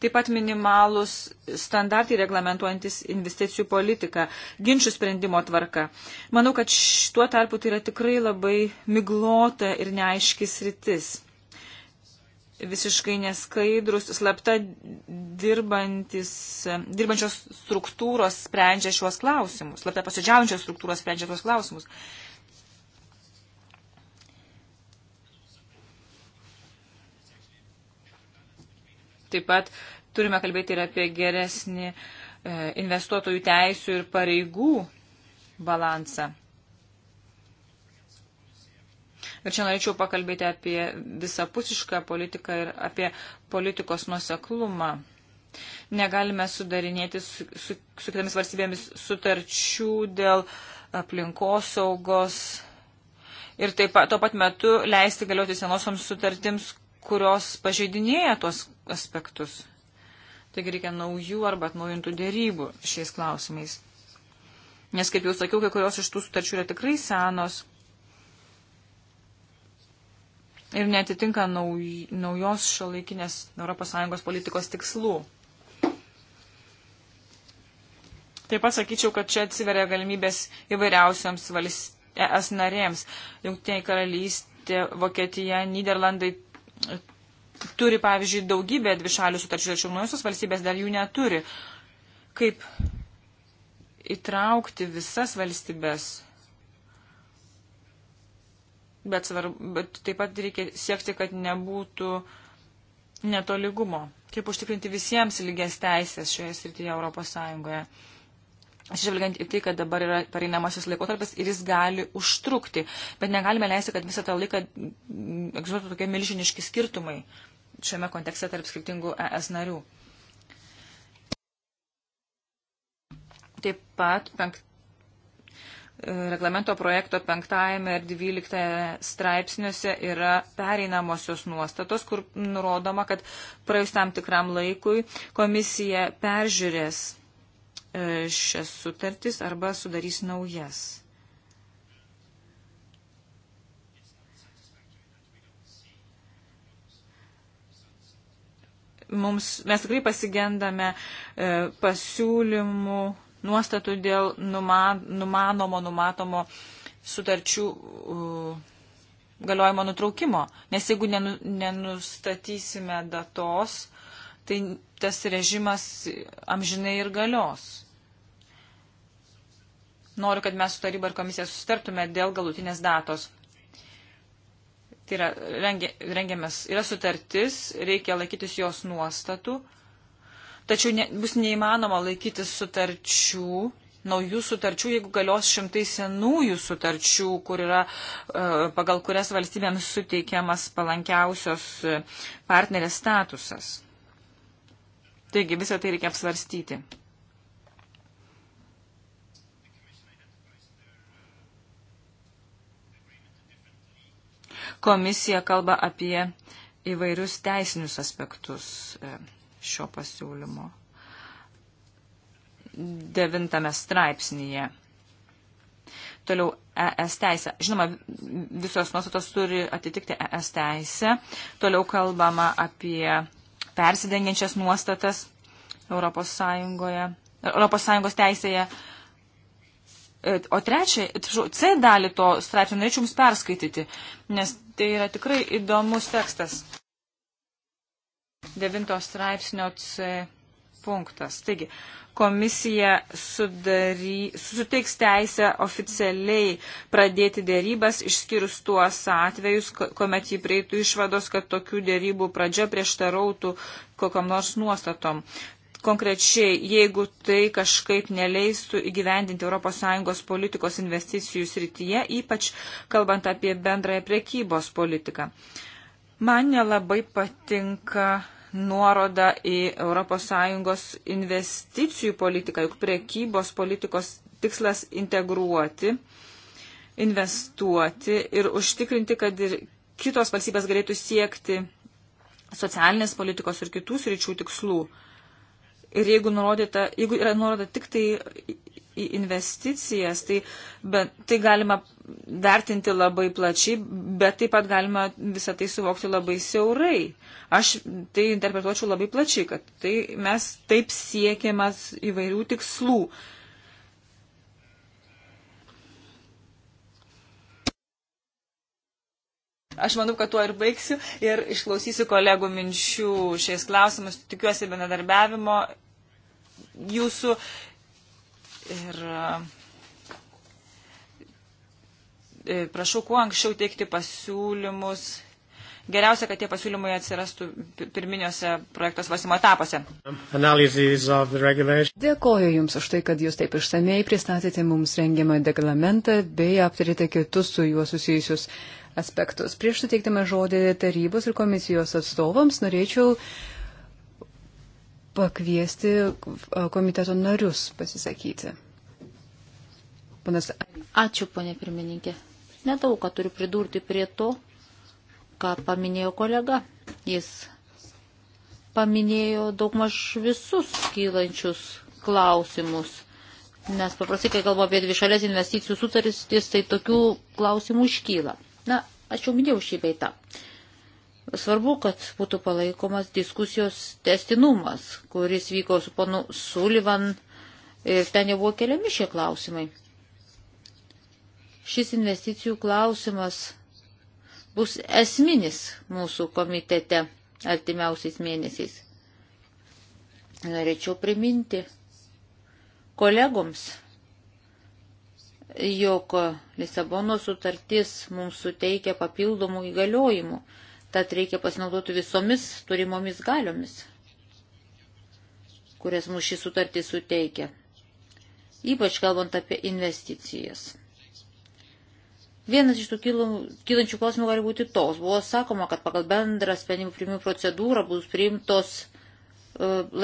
Speaker 2: Taip pat minimalus standartai reglamentuojantis investicijų politiką, ginčių sprendimo tvarka. Manau, kad tuo tarpu tai yra tikrai labai miglota ir neaiškis rytis visiškai neskaidrus, slapta dirbančios struktūros sprendžia šiuos klausimus, slapta pasidžiaujančios struktūros sprendžia tuos klausimus. Taip pat turime kalbėti ir apie geresnį e, investuotojų teisų ir pareigų balansą. Ir čia norėčiau pakalbėti apie visapusišką politiką ir apie politikos nuoseklumą. Negalime sudarinėti su, su, su kitomis valstybėmis sutarčių dėl aplinkosaugos ir taip pat tuo pat metu leisti galioti senosioms sutartims, kurios pažeidinėja tuos aspektus. Taigi reikia naujų arba atnaujintų dėrybų šiais klausimais. Nes, kaip jau sakiau, kai kurios iš tų sutarčių yra tikrai senos ir netitinka nauj, naujos šiuolaikinės ES politikos tikslų. Taip pat sakyčiau, kad čia atsiveria galimybės įvairiausiams valstybėms. E ES narėms. Jungtinė karalystė, Vokietija, Niderlandai turi, pavyzdžiui, daugybę dvišalių sutarčių, tačiau naujosios valstybės dar jų neturi. Kaip įtraukti visas valstybės? Bet, svarb, bet taip pat reikia siekti, kad nebūtų netoligumo. Kaip užtikrinti visiems lygias teisės šioje srityje Europos Sąjungoje? Atsižvelgiant į tai, kad dabar yra pareinamasis laikotarpis ir jis gali užtrukti, bet negalime leisti, kad visą tą laiką egzistuotų tokie milžiniški skirtumai šiame kontekste tarp skirtingų ES narių. Taip pat penkt, reglamento projekto penktajame ir dvyliktajame straipsniuose yra pereinamosios nuostatos, kur nurodoma, kad praėjus tam tikram laikui komisija peržiūrės E, šias sutartis arba sudarys naujas. Mums, mes tikrai pasigendame e, pasiūlymų, nuostatų dėl numa, numanomo, numatomo sutarčių uh, galiojimo nutraukimo. Nes jeigu nenu, nenustatysime datos, tai tas režimas amžinai ir galios. Noriu, kad mes su taryba ir komisija susitartume dėl galutinės datos. Tai yra, rengia, rengiamės, yra sutartis, reikia laikytis jos nuostatų, tačiau ne, bus neįmanoma laikytis sutarčių, naujų sutarčių, jeigu galios šimtai senųjų sutarčių, kur yra, e, pagal kurias valstybėms suteikiamas palankiausios e, partnerės statusas. Taigi visą tai reikia apsvarstyti. komisija kalba apie įvairius teisinius aspektus e, šio pasiūlymo. Devintame straipsnyje. Toliau ES teisė. Žinoma, visos nuostatos turi atitikti ES teisę. Toliau kalbama apie persidengiančias nuostatas Europos Sąjungoje. Europos Sąjungos teisėje E, o trečią, C dalį to straipsnio norėčiau jums perskaityti, nes tai yra tikrai įdomus tekstas. Devinto straipsnio C punktas. Taigi, komisija sudary, suteiks teisę oficialiai pradėti dėrybas, išskyrus tuos atvejus, kuomet jį prieitų išvados, kad tokių dėrybų pradžia prieštarautų kokiam nors nuostatom. Konkrečiai, jeigu tai kažkaip neleistų įgyvendinti ES politikos investicijų srityje, ypač kalbant apie bendrąją priekybos politiką. Man nelabai patinka nuoroda į ES investicijų politiką, juk priekybos politikos tikslas integruoti, investuoti ir užtikrinti, kad ir kitos valstybės galėtų siekti socialinės politikos ir kitų sričių tikslų. Ir jeigu, nurodyta, jeigu yra nurodyta tik tai į investicijas, tai, bet, tai galima vertinti labai plačiai, bet taip pat galima visą tai suvokti labai siaurai. Aš tai interpretuočiau labai plačiai, kad tai mes taip siekiamas įvairių tikslų. Aš manau, kad tuo ir baigsiu ir išklausysiu kolegų minčių šiais klausimus. Tikiuosi bendradarbiavimo jūsų ir e, prašau kuo anksčiau teikti pasiūlymus. Geriausia, kad tie pasiūlymai atsirastų pirminiuose projektos svarstymo
Speaker 1: etapuose.
Speaker 4: Dėkoju Jums už tai, kad Jūs taip išsamei pristatėte mums rengiamą reglamentą bei aptarėte kitus su juo susijusius aspektus. Prieš suteikdama žodį tarybos ir komisijos atstovams norėčiau uh, pakviesti komiteto narius pasisakyti.
Speaker 3: Panas. Ačiū, ponė pirmininkė. Nedaug, ką turiu pridurti prie to, ką paminėjo kolega. Jis paminėjo daugmaž visus kylančius klausimus. Nes paprastai, kai kalba apie dvišalės investicijų sutartis, tai tokių klausimų iškyla. Na, aš jau minėjau šį beitą. Uh, Svarbu, kad būtų palaikomas diskusijos testinumas, kuris vyko su ponu Sullivan ir ten jau buvo keliami šie klausimai. Šis investicijų klausimas bus esminis mūsų komitete artimiausiais mėnesiais. Norėčiau priminti kolegoms, jog Lisabono sutartis mums suteikia papildomų įgaliojimų Tad reikia pasinaudoti visomis turimomis galiomis, kurias mūsų šį sutartį suteikia. Ypač kalbant apie investicijas. Vienas iš tų kylančių klausimų gali būti toks. Buvo sakoma, kad pagal bendrą sprendimų priimimų procedūrą bus priimtos e,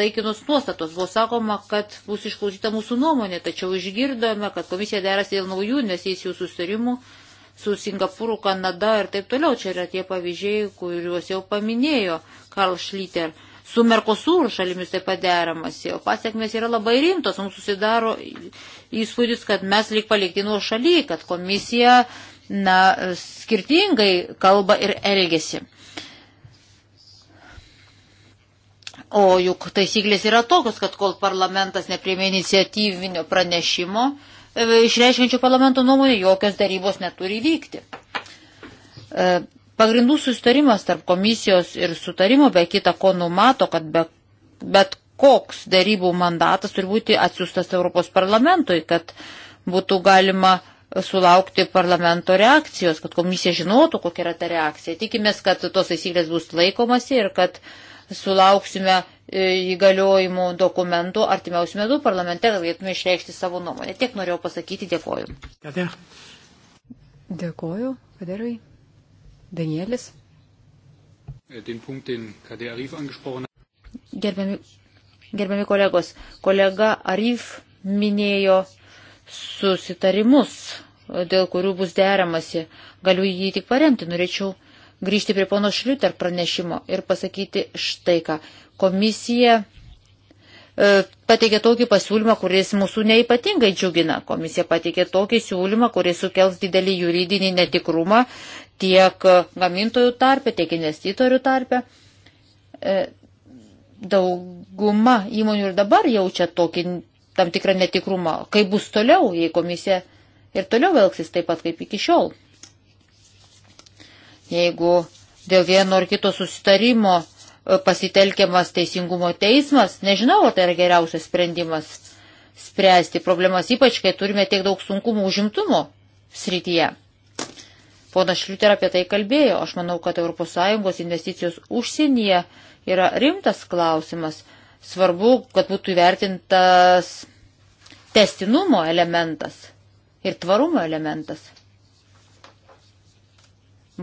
Speaker 3: laikinos nuostatos. Buvo sakoma, kad bus išklausyta mūsų nuomonė, tačiau išgirdome, kad komisija derasi dėl naujų investicijų sustarimų su Singapūru, Kanada ir taip toliau. Čia yra tie pavyzdžiai, kuriuos jau paminėjo Karl Schlitter. Su Merkosūr šalimis taip pat deramas, jo pasiekmes yra labai rimtos, mums susidaro įspūdis, kad mes lik palikti nuo šaly, kad komisija na, skirtingai kalba ir elgesi. O juk taisyklės yra tokios, kad kol parlamentas neprieimė iniciatyvinio pranešimo, uh, E, išreiškiančių parlamento nuomonę, jokios darybos neturi vykti. E, pagrindų sustarimas tarp komisijos ir sutarimo be kita ko numato, kad be, bet koks darybų mandatas turi būti atsiųstas Europos parlamentui, kad būtų galima sulaukti parlamento reakcijos, kad komisija žinotų, kokia yra ta reakcija. Tikimės, kad tos taisyklės bus laikomasi ir kad sulauksime e, įgaliojimų dokumentų artimiausių metų parlamente, kad galėtume išreikšti savo nuomonę. Tiek norėjau pasakyti, dėkoju.
Speaker 4: Kader. Dėkoju, Kaderai.
Speaker 3: Danielis.
Speaker 1: Den punkt, den Kader Arif angesprochen hat.
Speaker 3: Gerbiami, gerbiami kolegos, kolega Arif minėjo susitarimus, dėl kurių bus deramasi. Galiu jį tik paremti, norėčiau grįžti prie pono Šliuter pranešimo ir pasakyti štai ką. Komisija e, pateikė tokį pasiūlymą, kuris mūsų neipatingai džiugina. Komisija pateikė tokį siūlymą, kuris sukels didelį juridinį netikrumą tiek gamintojų tarpe, tiek investitorių tarpe. E, dauguma įmonių ir dabar jaučia tokį tam tikrą netikrumą. Kaip bus toliau, jei komisija ir toliau elgsis taip pat kaip iki šiol. Jeigu dėl vieno ar kito susitarimo e, pasitelkiamas teisingumo teismas, nežinau, ar tai yra geriausias sprendimas spręsti problemas, ypač kai turime tiek daug sunkumų užimtumo srityje. Pona Šliuter apie tai kalbėjo. Aš manau, kad ES investicijos užsienyje yra rimtas klausimas. Svarbu, kad būtų įvertintas testinumo elementas ir tvarumo elementas.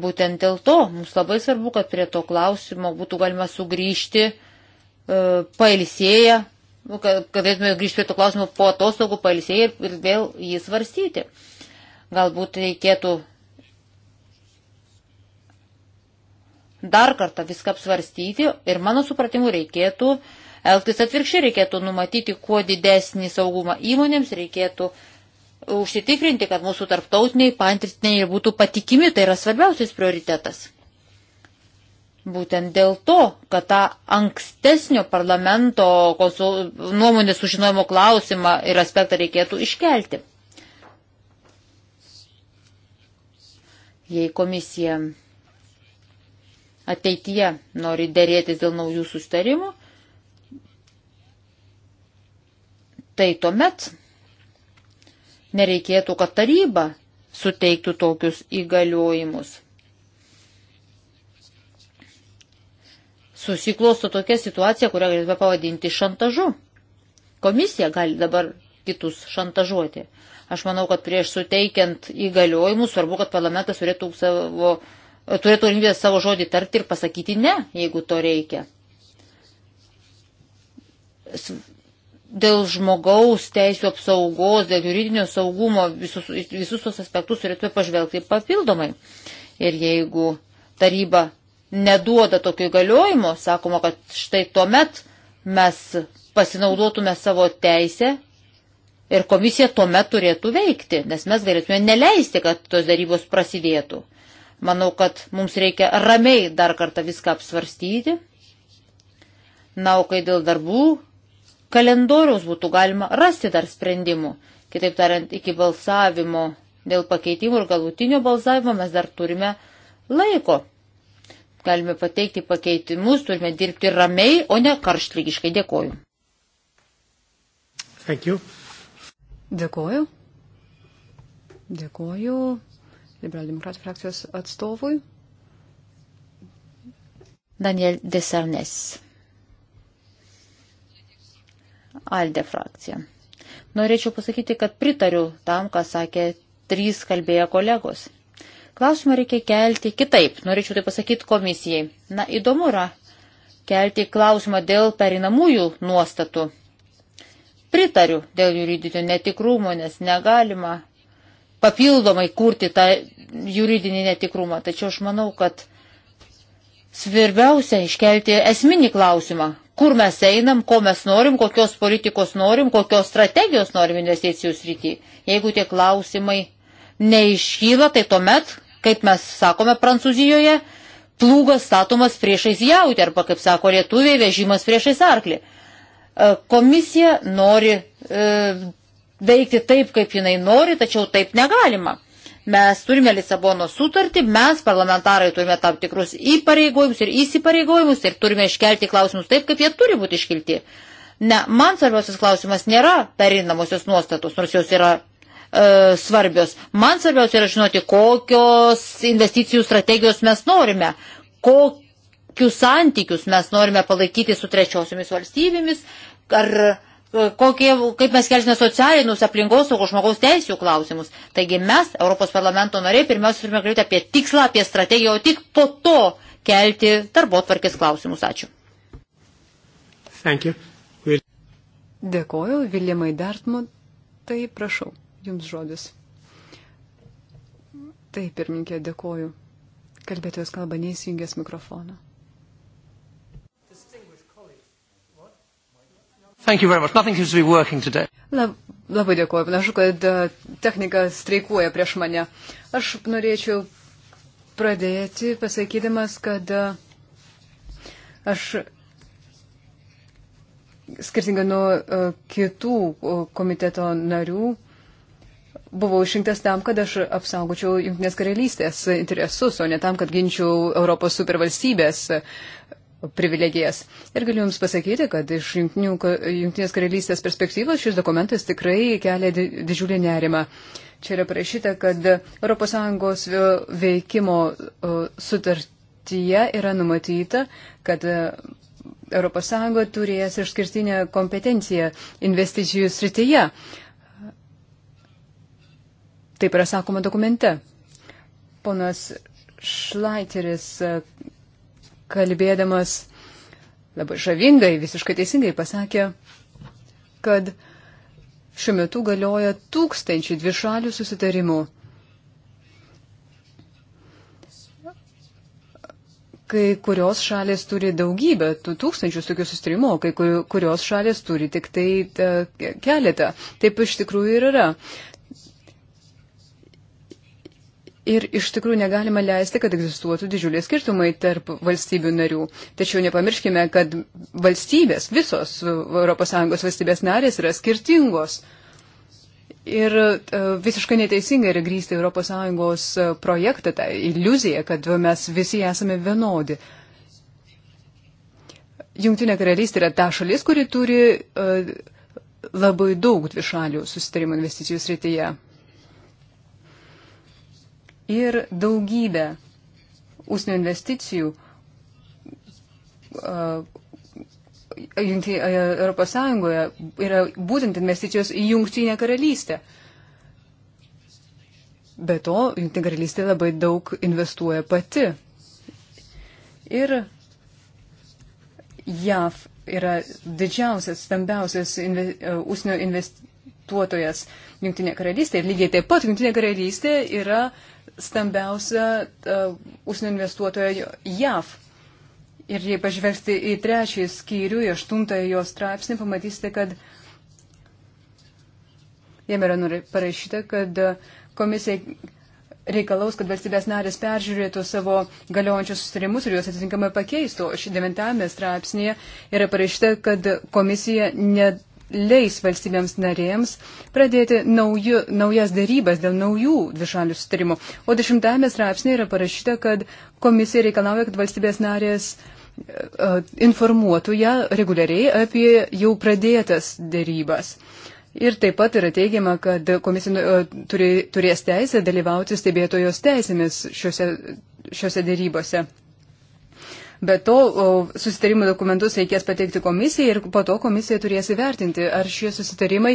Speaker 3: Būtent dėl to mums labai svarbu, kad prie to klausimo būtų galima sugrįžti e, pailsėję, nu, kad galėtume grįžti prie to klausimo po atostogų pailsėję ir, ir vėl jį svarstyti. Galbūt reikėtų dar kartą viską apsvarstyti ir mano supratimu reikėtų elgtis atvirkščiai, reikėtų numatyti kuo didesnį saugumą įmonėms, reikėtų uh, užsitikrinti, kad mūsų tarptautiniai pantritiniai būtų patikimi, tai yra svarbiausias prioritetas. Būtent dėl to, kad tą ankstesnio parlamento konsul... nuomonės sužinojimo klausimą ir aspektą reikėtų iškelti. Jei komisija ateityje nori dėrėtis dėl naujų sustarimų, tai tuomet nereikėtų, kad taryba suteiktų tokius įgaliojimus. Susiklosto tokia situacija, kurią galėtume pavadinti šantažu. Komisija gali dabar kitus šantažuoti. Aš manau, kad prieš suteikiant įgaliojimus svarbu, kad parlamentas turėtų, savo, turėtų galimybę savo žodį tarti ir pasakyti ne, jeigu to reikia dėl žmogaus teisų apsaugos, dėl juridinio saugumo, visus, visus tos aspektus turėtume pažvelgti papildomai. Ir jeigu taryba neduoda tokio įgaliojimo, sakoma, kad štai tuomet mes pasinaudotume savo teisę ir komisija tuomet turėtų veikti, nes mes galėtume neleisti, kad tos darybos prasidėtų. Manau, kad mums reikia ramiai dar kartą viską apsvarstyti. Na, o kai dėl darbų kalendoriaus būtų galima rasti dar sprendimų. Kitaip tariant, iki balsavimo dėl pakeitimų ir galutinio balsavimo mes dar turime laiko. Galime pateikti pakeitimus, turime dirbti ramiai, o ne karštlygiškai.
Speaker 1: Dėkoju. Thank you.
Speaker 4: Dėkoju. Dėkoju liberaldemokratų frakcijos atstovui.
Speaker 3: Daniel Desarnes. Alde frakcija. Norėčiau pasakyti, kad pritariu tam, ką sakė trys kalbėję kolegos. Klausimą reikia kelti kitaip, norėčiau tai pasakyti komisijai. Na, įdomu yra kelti klausimą dėl perinamųjų nuostatų. Pritariu dėl juridinio netikrumo, nes negalima papildomai kurti tą juridinį netikrumą. Tačiau aš manau, kad svarbiausia iškelti esminį klausimą, kur mes einam, ko mes norim, kokios politikos norim, kokios strategijos norim investicijų srity. Jeigu tie klausimai neiškyla, tai tuomet, kaip mes sakome Prancūzijoje, plūgas statomas priešais jautį, arba, kaip sako lietuviai, vežimas priešais arklį. E, komisija nori e, veikti taip, kaip jinai nori, tačiau taip negalima. Mes turime Lisabono sutartį, mes parlamentarai turime tam tikrus įpareigojimus ir įsipareigojimus ir turime iškelti klausimus taip, kaip jie turi būti iškelti. Ne, man svarbiausias klausimas nėra perinamosios nuostatos, nors jos yra e, svarbios. Man svarbiausia yra žinoti, kokios investicijų strategijos mes norime, kokius santykius mes norime palaikyti su trečiosiomis valstybėmis, ar kokie, kaip mes kelsime socialinius aplinkos saugos žmogaus teisų klausimus. Taigi mes, Europos parlamento nariai, pirmiausia turime kalbėti apie tikslą, apie strategiją, o tik po to kelti darbo tvarkės klausimus. Ačiū. Will... Dėkoju, Viljamai Dartmut. Tai prašau, jums
Speaker 4: žodis. Taip, pirminkė, dėkoju. Kalbėtojas kalba neįsijungęs mikrofoną.
Speaker 1: Lab,
Speaker 4: labai dėkuoju. Panašu, kad e, technika streikuoja prieš mane. Aš norėčiau pradėti pasakydamas, kad e, aš skirtingai nuo e, kitų komiteto narių buvau išrinktas tam, kad aš apsaugočiau Junktinės karalystės interesus, o ne tam, kad ginčiau Europos supervalstybės privilegijas. Ir galiu Jums pasakyti, kad iš Junktinės karalystės perspektyvos šis dokumentas tikrai kelia didžiulį nerimą. Čia yra parašyta, kad ES veikimo sutartyje yra numatyta, kad e, ES turės išskirtinę kompetenciją investicijų srityje. Taip yra sakoma dokumente. Ponas Šlaiteris kalbėdamas labai žavingai, visiškai teisingai pasakė, kad šiuo metu galioja tūkstančių dvišalių susitarimų. Kai kurios šalės turi daugybę, tų tūkstančių tokių sustarimų, kai kurios šalės turi tik tai ta, keletą. Taip iš tikrųjų ir yra. Ir iš tikrųjų negalima leisti, kad egzistuotų didžiuliai skirtumai tarp valstybių narių. Tačiau nepamirškime, kad valstybės, visos ES valstybės narės yra skirtingos. Ir e, visiškai neteisinga yra grįsti ES e, projektą, tą iliuziją, kad mes visi esame vienodi. Jungtinė karalystė yra ta šalis, kuri turi e, labai daug dvišalių susitarimų investicijų srityje ir daugybę ūsnių investicijų Europos Sąjungoje yra būtent investicijos į Jungtinę karalystę. Be to, Jungtinė karalystė labai daug investuoja pati. Ir JAV yra didžiausias, stambiausias inve, užsienio investuotojas Jungtinė karalystė. Ir lygiai taip pat Jungtinė karalystė yra uh, stambiausia uh, užsienio investuotoja JAV. Ir jei pažvelgsite į trečiąjį skyrių, į aštuntąją jo straipsnį, pamatysite, kad jame yra parašyta, kad komisija reikalaus, kad valstybės narės peržiūrėtų savo galiojančius sustarimus ir juos atitinkamai pakeistų. Šį devintame straipsnėje yra parašyta, kad komisija net leis valstybėms narėms pradėti nauju, naujas darybas dėl naujų dvišalių sustarimų. O dešimtame straipsnėje yra parašyta, kad komisija reikalauja, kad valstybės narės e, e, informuotų ją reguliariai apie jau pradėtas darybas. Ir taip pat yra teigiama, kad komisija nu, e, turi, turės teisę dalyvauti stebėtojos teisėmis šiuose, šiuose darybose. Be to, susitarimų dokumentus reikės pateikti komisijai ir po to komisija turės įvertinti, ar šie susitarimai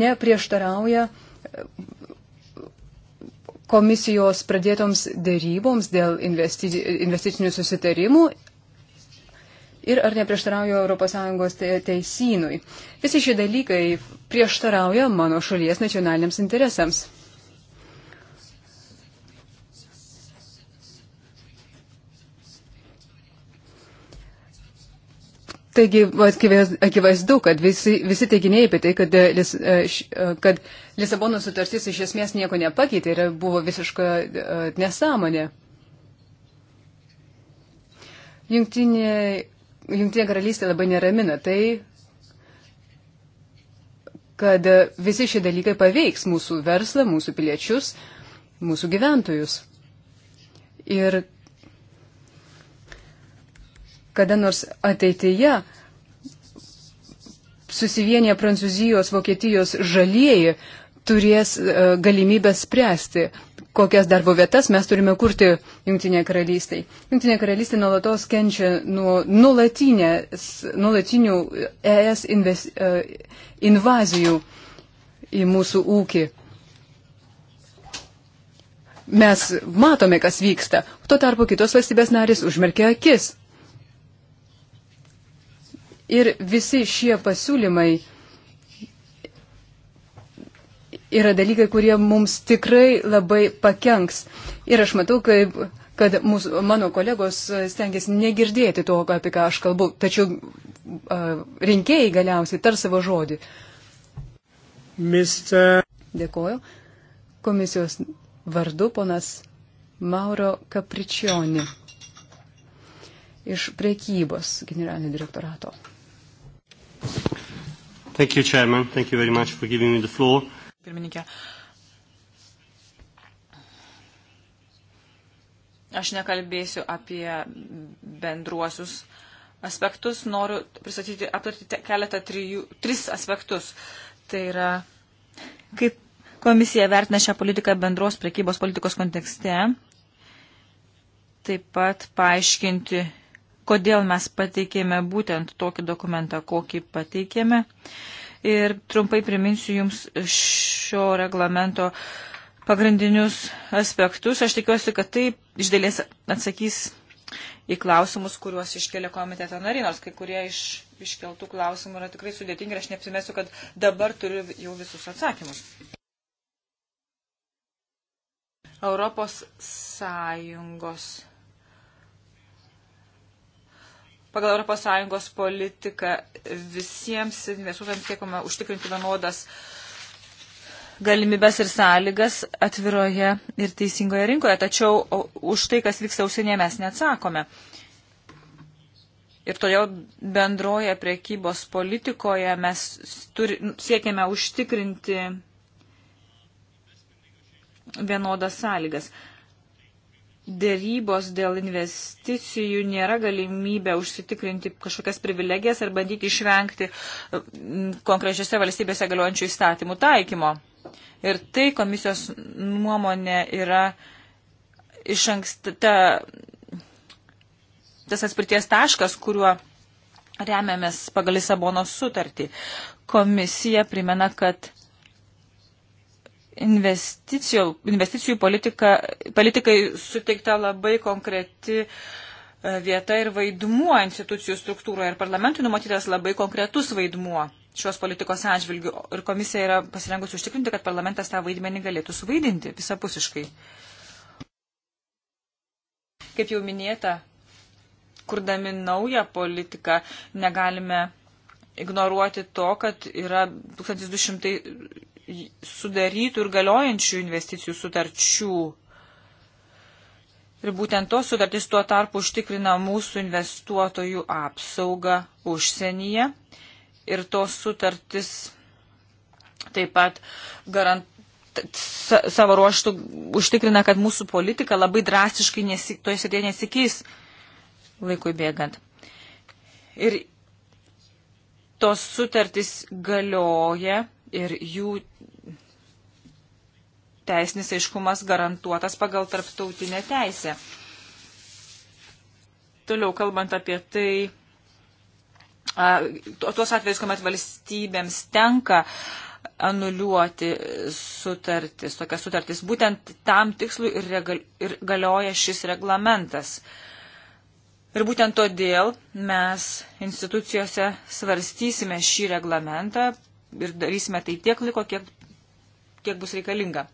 Speaker 4: neprieštarauja e, komisijos pradėtoms dėryboms dėl investi investicinių susitarimų ir ar neprieštarauja ES teisynui. Visi šie dalykai prieštarauja mano šalies nacionaliniams interesams. Taigi akivaizdu, kad visi, visi teiginiai apie tai, kad, e, lis, e, e, kad Lisabono sutartis iš esmės nieko nepakeitė, yra, buvo visiška nesąmonė. Jungtinė, jungtinė karalystė labai neramina tai, kad visi šie dalykai paveiks mūsų verslą, mūsų piliečius, mūsų gyventojus. Ir kada nors ateityje susivienyje Prancūzijos, Vokietijos žalieji turės e, galimybę spręsti, kokias darbo vietas mes turime kurti Junktinė karalystė. Junktinė karalystė nuolatos kenčia nuo nuolatinių ES inves, e, invazijų į mūsų ūkį. Mes matome, kas vyksta. Tuo tarpu kitos valstybės narės užmerkia akis. Ir visi šie pasiūlymai yra dalykai, kurie mums tikrai labai pakenks. Ir aš matau, kaip, kad mūsų, mano kolegos stengiasi negirdėti to, apie ką aš kalbu, tačiau uh, rinkėjai galiausiai tar savo žodį. Mister... Dėkoju. Komisijos vardu ponas Mauro Kapričioni iš priekybos generalinio direktorato.
Speaker 1: Thank you, Chairman. Thank you very much for giving me the floor.
Speaker 4: Pirmininkė.
Speaker 2: Aš nekalbėsiu apie bendruosius aspektus, noriu pristatyti, aptarti keletą trijų, tris aspektus. Tai yra, kaip komisija vertina šią politiką bendros prekybos politikos kontekste, taip pat paaiškinti kodėl mes pateikėme būtent tokį dokumentą, kokį pateikėme. Ir trumpai priminsiu Jums šio reglamento pagrindinius aspektus. Aš tikiuosi, kad tai iš dėlės atsakys į klausimus, kuriuos iškelia komiteto nariai, nors kai kurie iš, iškeltų klausimų yra tikrai sudėtingi ir aš neapsimesiu, kad dabar turiu jau visus atsakymus. Europos Sąjungos pagal ES politiką visiems investuotams siekama užtikrinti vienodas galimybės ir sąlygas atviroje ir teisingoje rinkoje, tačiau už tai, kas vyksta užsienyje, mes neatsakome. Ir todėl bendroje priekybos politikoje mes turi, siekiame užtikrinti vienodas sąlygas dėrybos dėl investicijų nėra galimybė užsitikrinti kažkokias privilegijas ar bandyti išvengti e, konkrečiose valstybėse galiojančių įstatymų taikymo. Ir tai komisijos nuomonė yra iš anksti ta, tas atspirties taškas, kuriuo remiamės pagal Lisabonos sutartį. Komisija primena, kad investicijų, investicijų politika, politikai suteikta labai konkreti e, vieta ir vaidmuo institucijų struktūroje ir parlamentui numatytas labai konkretus vaidmuo šios politikos atžvilgių ir komisija yra pasirengusi užtikrinti, kad parlamentas tą vaidmenį galėtų suvaidinti visapusiškai. Kaip jau minėta, kurdami naują politiką negalime ignoruoti to, kad yra 1200 sudarytų ir galiojančių investicijų sutarčių. Ir būtent tos sutartys tuo tarpu užtikrina mūsų investuotojų apsaugą užsienyje. Ir tos sutartys taip pat garant, savo ruoštų užtikrina, kad mūsų politika labai drastiškai nesi, toje srityje nesikeis laikui bėgant. Ir tos sutartys galioja ir jų teisinis aiškumas garantuotas pagal tarptautinę teisę. Toliau kalbant apie tai, tuos atvejus, kuomet valstybėms tenka anuliuoti sutartis, tokias sutartis, būtent tam tikslui ir, regal, ir galioja šis reglamentas. Ir būtent todėl mes institucijose svarstysime šį reglamentą, ir darysime tai tiek laiko, kiek, kiek bus reikalinga.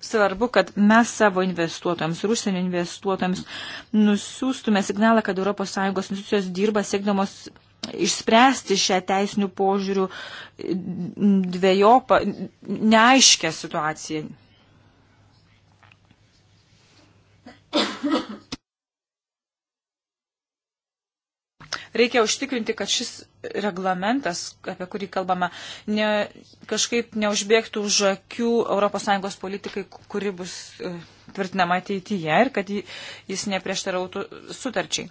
Speaker 2: Svarbu, kad mes savo investuotojams ir užsienio investuotojams nusiųstume signalą, kad ES institucijos dirba siekdamos išspręsti šią teisinių požiūrių dviejopą neaiškę situaciją. Reikia užtikrinti, kad šis reglamentas, apie kurį kalbame, ne, kažkaip neužbėgtų už akių ES politikai, kuri bus e, tvirtinama ateityje ir kad jis neprieštarautų sutarčiai.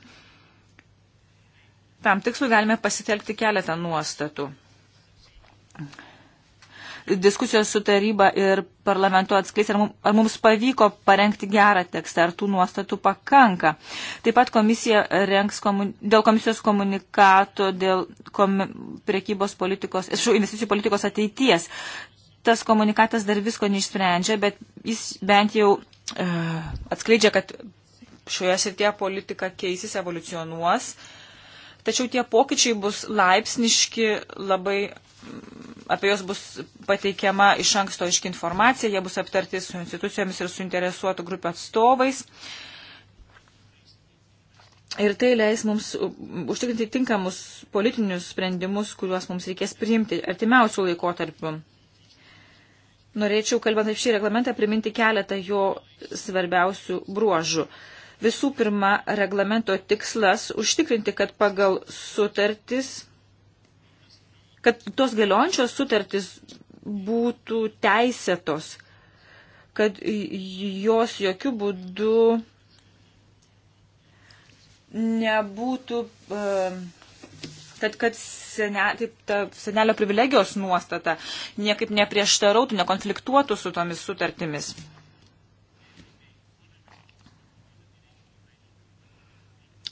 Speaker 2: Tam tikslui galime pasitelkti keletą nuostatų diskusijos su taryba ir parlamentu atskleis, ar mums, ar mums pavyko parengti gerą tekstą, ar tų nuostatų pakanka. Taip pat komisija renks komun, dėl komisijos komunikato, dėl kom, priekybos politikos, šių e, investicijų politikos ateities. Tas komunikatas dar visko neišsprendžia, bet jis bent jau e, atskleidžia, kad šioje srityje politika keisis, evoliucionuos. Tačiau tie pokyčiai bus laipsniški, labai apie juos bus pateikiama iš anksto aiški informacija, jie bus aptarti su institucijomis ir suinteresuotų grupių atstovais. Ir tai leis mums užtikrinti tinkamus politinius sprendimus, kuriuos mums reikės priimti artimiausių laikotarpių. Norėčiau, kalbant apie šį reglamentą, priminti keletą jo svarbiausių bruožų. Visų pirma, reglamento tikslas užtikrinti, kad pagal sutartis kad tos galiojančios sutartys būtų teisėtos, kad jos jokių būdų nebūtų, um, kad, kad senelio, kaip ta senelio privilegijos nuostata niekaip neprieštarautų, nekonfliktuotų su tomis sutartimis.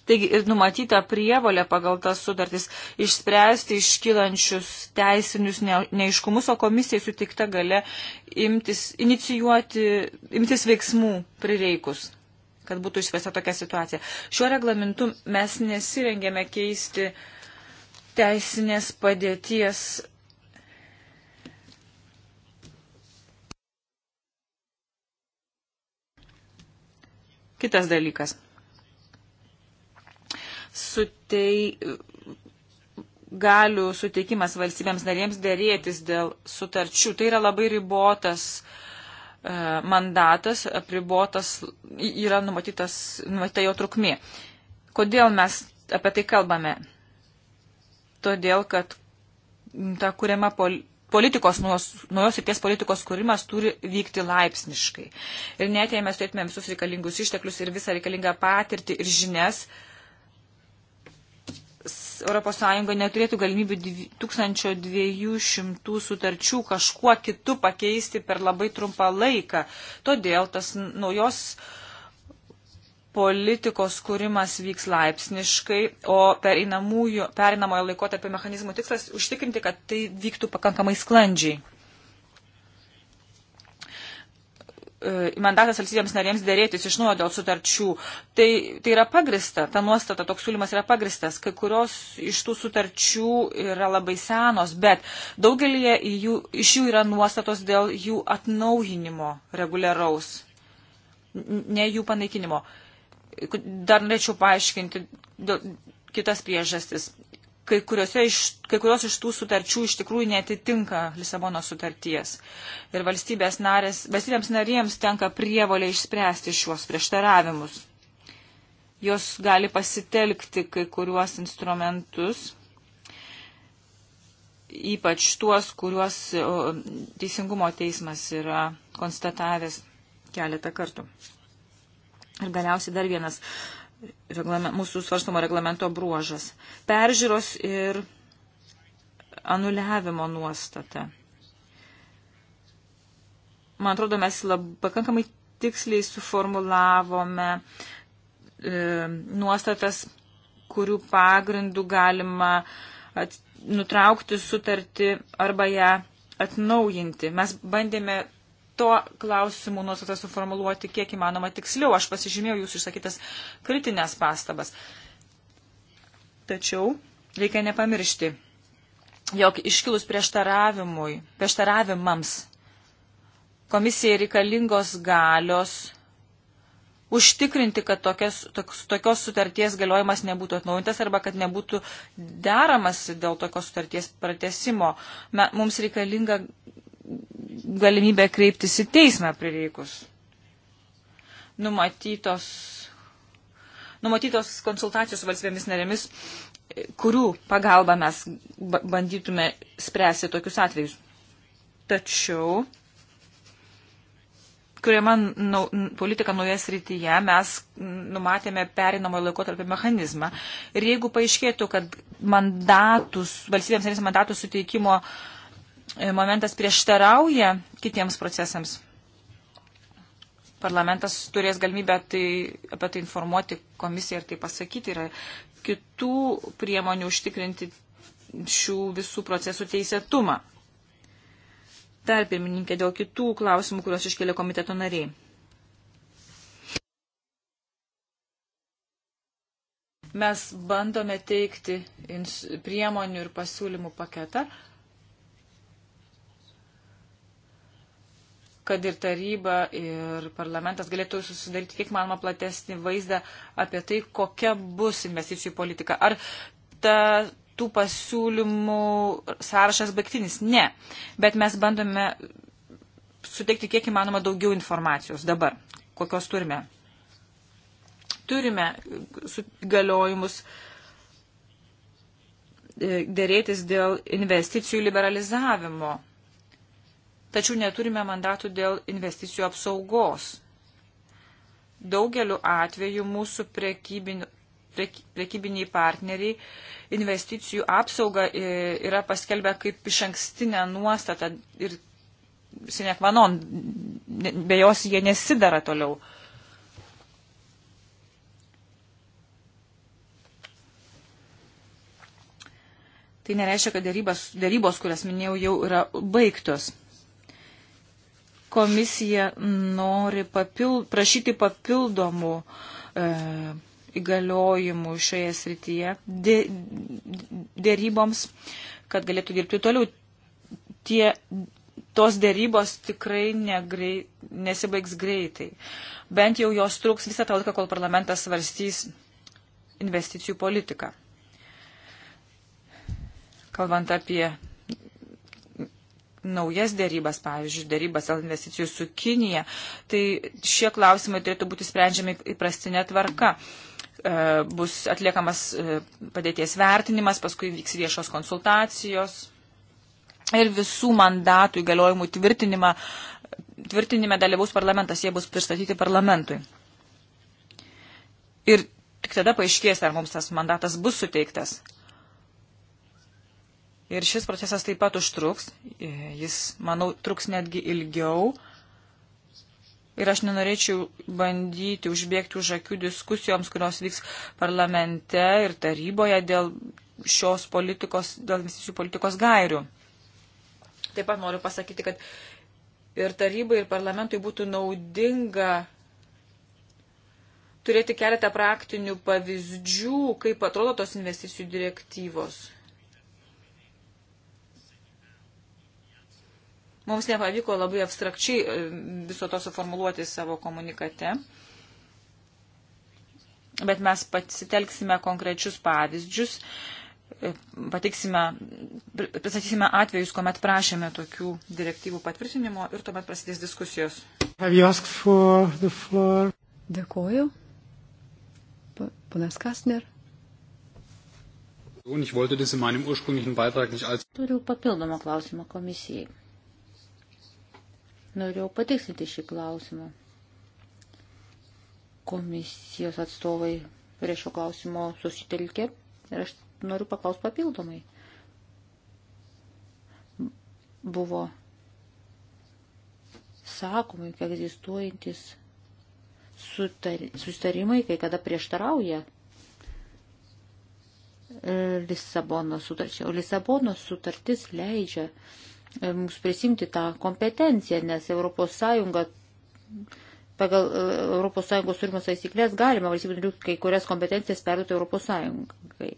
Speaker 2: Taigi ir numatyta prievolė pagal tas sutartis išspręsti iškylančius teisinius neiškumus, o komisijai sutikta gale imtis, inicijuoti, imtis veiksmų prireikus kad būtų išspręsta tokia situacija. Šiuo reglamentu mes nesirengėme keisti teisinės padėties Kitas dalykas sutei, galių suteikimas valstybėms narėms dėrėtis dėl sutarčių. Tai yra labai ribotas e, mandatas, apribotas, yra numatytas, numatyta jo trukmė. Kodėl mes apie tai kalbame? Todėl, kad ta kuriama pol, politikos, naujos ir ties politikos kūrimas turi vykti laipsniškai. Ir net jei mes turėtume visus reikalingus išteklius ir visą reikalingą patirtį ir žinias, ES neturėtų galimybių 1200 sutarčių kažkuo kitu pakeisti per labai trumpą laiką. Todėl tas naujos politikos kūrimas vyks laipsniškai, o perinamojo laikotarpio mechanizmų tikslas užtikrinti, kad tai vyktų pakankamai sklandžiai. E, mandatas valstybėms narėms dėrėtis iš nuojo dėl sutarčių. Tai, tai yra pagrista, ta nuostata, toks siūlymas yra pagristas. Kai kurios iš tų sutarčių yra labai senos, bet daugelį jų, iš jų yra nuostatos dėl jų atnaujinimo reguliaraus, ne jų panaikinimo. Dar norėčiau paaiškinti kitas priežastis kai, iš, kai kurios iš tų sutarčių iš tikrųjų netitinka Lisabono sutarties. Ir valstybės narės, valstybėms narėms tenka prievolė išspręsti šiuos prieštaravimus. Jos gali pasitelkti kai kuriuos instrumentus, ypač tuos, kuriuos e, Teisingumo teismas yra konstatavęs keletą kartų. Ir galiausiai dar vienas reglame, mūsų svarstamo reglamento bruožas. Peržiūros ir anuliavimo nuostata. Man atrodo, mes lab, pakankamai tiksliai suformulavome e, nuostatas, kurių pagrindų galima at, nutraukti sutartį arba ją atnaujinti. Mes bandėme to klausimų nuostatą suformuluoti kiek įmanoma tiksliau. Aš pasižymėjau jūsų išsakytas kritinės pastabas. Tačiau reikia nepamiršti, jog iškilus prieštaravimui, prieštaravimams komisijai reikalingos galios užtikrinti, kad tokios, toks, tokios sutarties galiojimas nebūtų atnaujintas arba kad nebūtų deramas dėl tokios sutarties pratesimo. Me, mums reikalinga galimybę kreiptis į teismą prireikus. Numatytos, numatytos konsultacijos su valstybėmis narėmis, kurių pagalba mes bandytume spręsti tokius atvejus. Tačiau, kuriama nau, politika nauja srityje, mes numatėme perinamo laikotarpio mechanizmą. Ir jeigu paaiškėtų, kad mandatus, valstybėms narės mandatų suteikimo uh, E, momentas prieštarauja kitiems procesams. Parlamentas turės galimybę tai, apie tai informuoti komisiją ir tai pasakyti. Yra kitų priemonių užtikrinti šių visų procesų teisėtumą. Dar pirmininkė dėl kitų klausimų, kuriuos iškėlė komiteto nariai. Mes bandome teikti priemonių ir pasiūlymų paketą, kad ir taryba, ir parlamentas galėtų susidaryti kiek manoma platesnį vaizdą apie tai, kokia bus investicijų politika. Ar ta, tų pasiūlymų sąrašas baigtinis? Ne. Bet mes bandome suteikti kiek įmanoma daugiau informacijos dabar, kokios turime. Turime galiojimus e, dėrėtis dėl investicijų liberalizavimo tačiau neturime mandatų dėl investicijų apsaugos. Daugeliu atveju mūsų prekybin, prek, prekybiniai partneriai investicijų apsaugą e, yra paskelbę kaip iš ankstinę nuostatą ir sinekvanon, be jos jie nesidara toliau. Tai nereiškia, kad dėrybos, dėrybos kurias minėjau, jau yra baigtos komisija nori papild, prašyti papildomų e, įgaliojimų šioje srityje dė, dėryboms, kad galėtų dirbti toliau. Tie, tos dėrybos tikrai negrei, nesibaigs greitai. Bent jau jos truks visą tą laiką, kol parlamentas svarstys investicijų politiką. Kalbant apie naujas dėrybas, pavyzdžiui, dėrybas dėl investicijų su Kinija, tai šie klausimai turėtų būti sprendžiami įprastinė tvarka. E, bus atliekamas e, padėties vertinimas, paskui vyks viešos konsultacijos ir visų mandatų įgaliojimų tvirtinimą, tvirtinime dalyvaus parlamentas, jie bus pristatyti parlamentui. Ir tik tada paaiškės, ar mums tas mandatas bus suteiktas. Ir šis procesas taip pat užtruks, e, jis, manau, truks netgi ilgiau. Ir aš nenorėčiau bandyti užbėgti už akių diskusijoms, kurios vyks parlamente ir taryboje dėl šios politikos, dėl investicijų politikos gairių. Taip pat noriu pasakyti, kad ir tarybai, ir parlamentui būtų naudinga turėti keletą praktinių pavyzdžių, kaip atrodo tos investicijų direktyvos. Mums nepavyko labai abstrakčiai e, viso to suformuluoti savo komunikate, bet mes pasitelksime konkrečius pavyzdžius, e, patiksime, pristatysime atvejus, kuomet prašėme tokių direktyvų patvirtinimo ir tuomet prasidės diskusijos.
Speaker 1: Dėkuoju.
Speaker 4: Ponas Kastner.
Speaker 3: Turiu papildomą klausimą komisijai. Norėjau patikslinti šį klausimą. Komisijos atstovai prie šio klausimo susitelkė ir aš noriu paklausti papildomai. Buvo sakoma, kad egzistuojantis sustarimai kai kada prieštarauja Lisabonos sutarčiai. O Lisabonos sutartis leidžia E, mums prisimti tą kompetenciją, nes ES pagal ES turimas taisyklės galima valstybių narių kai kurias kompetencijas perduoti ES.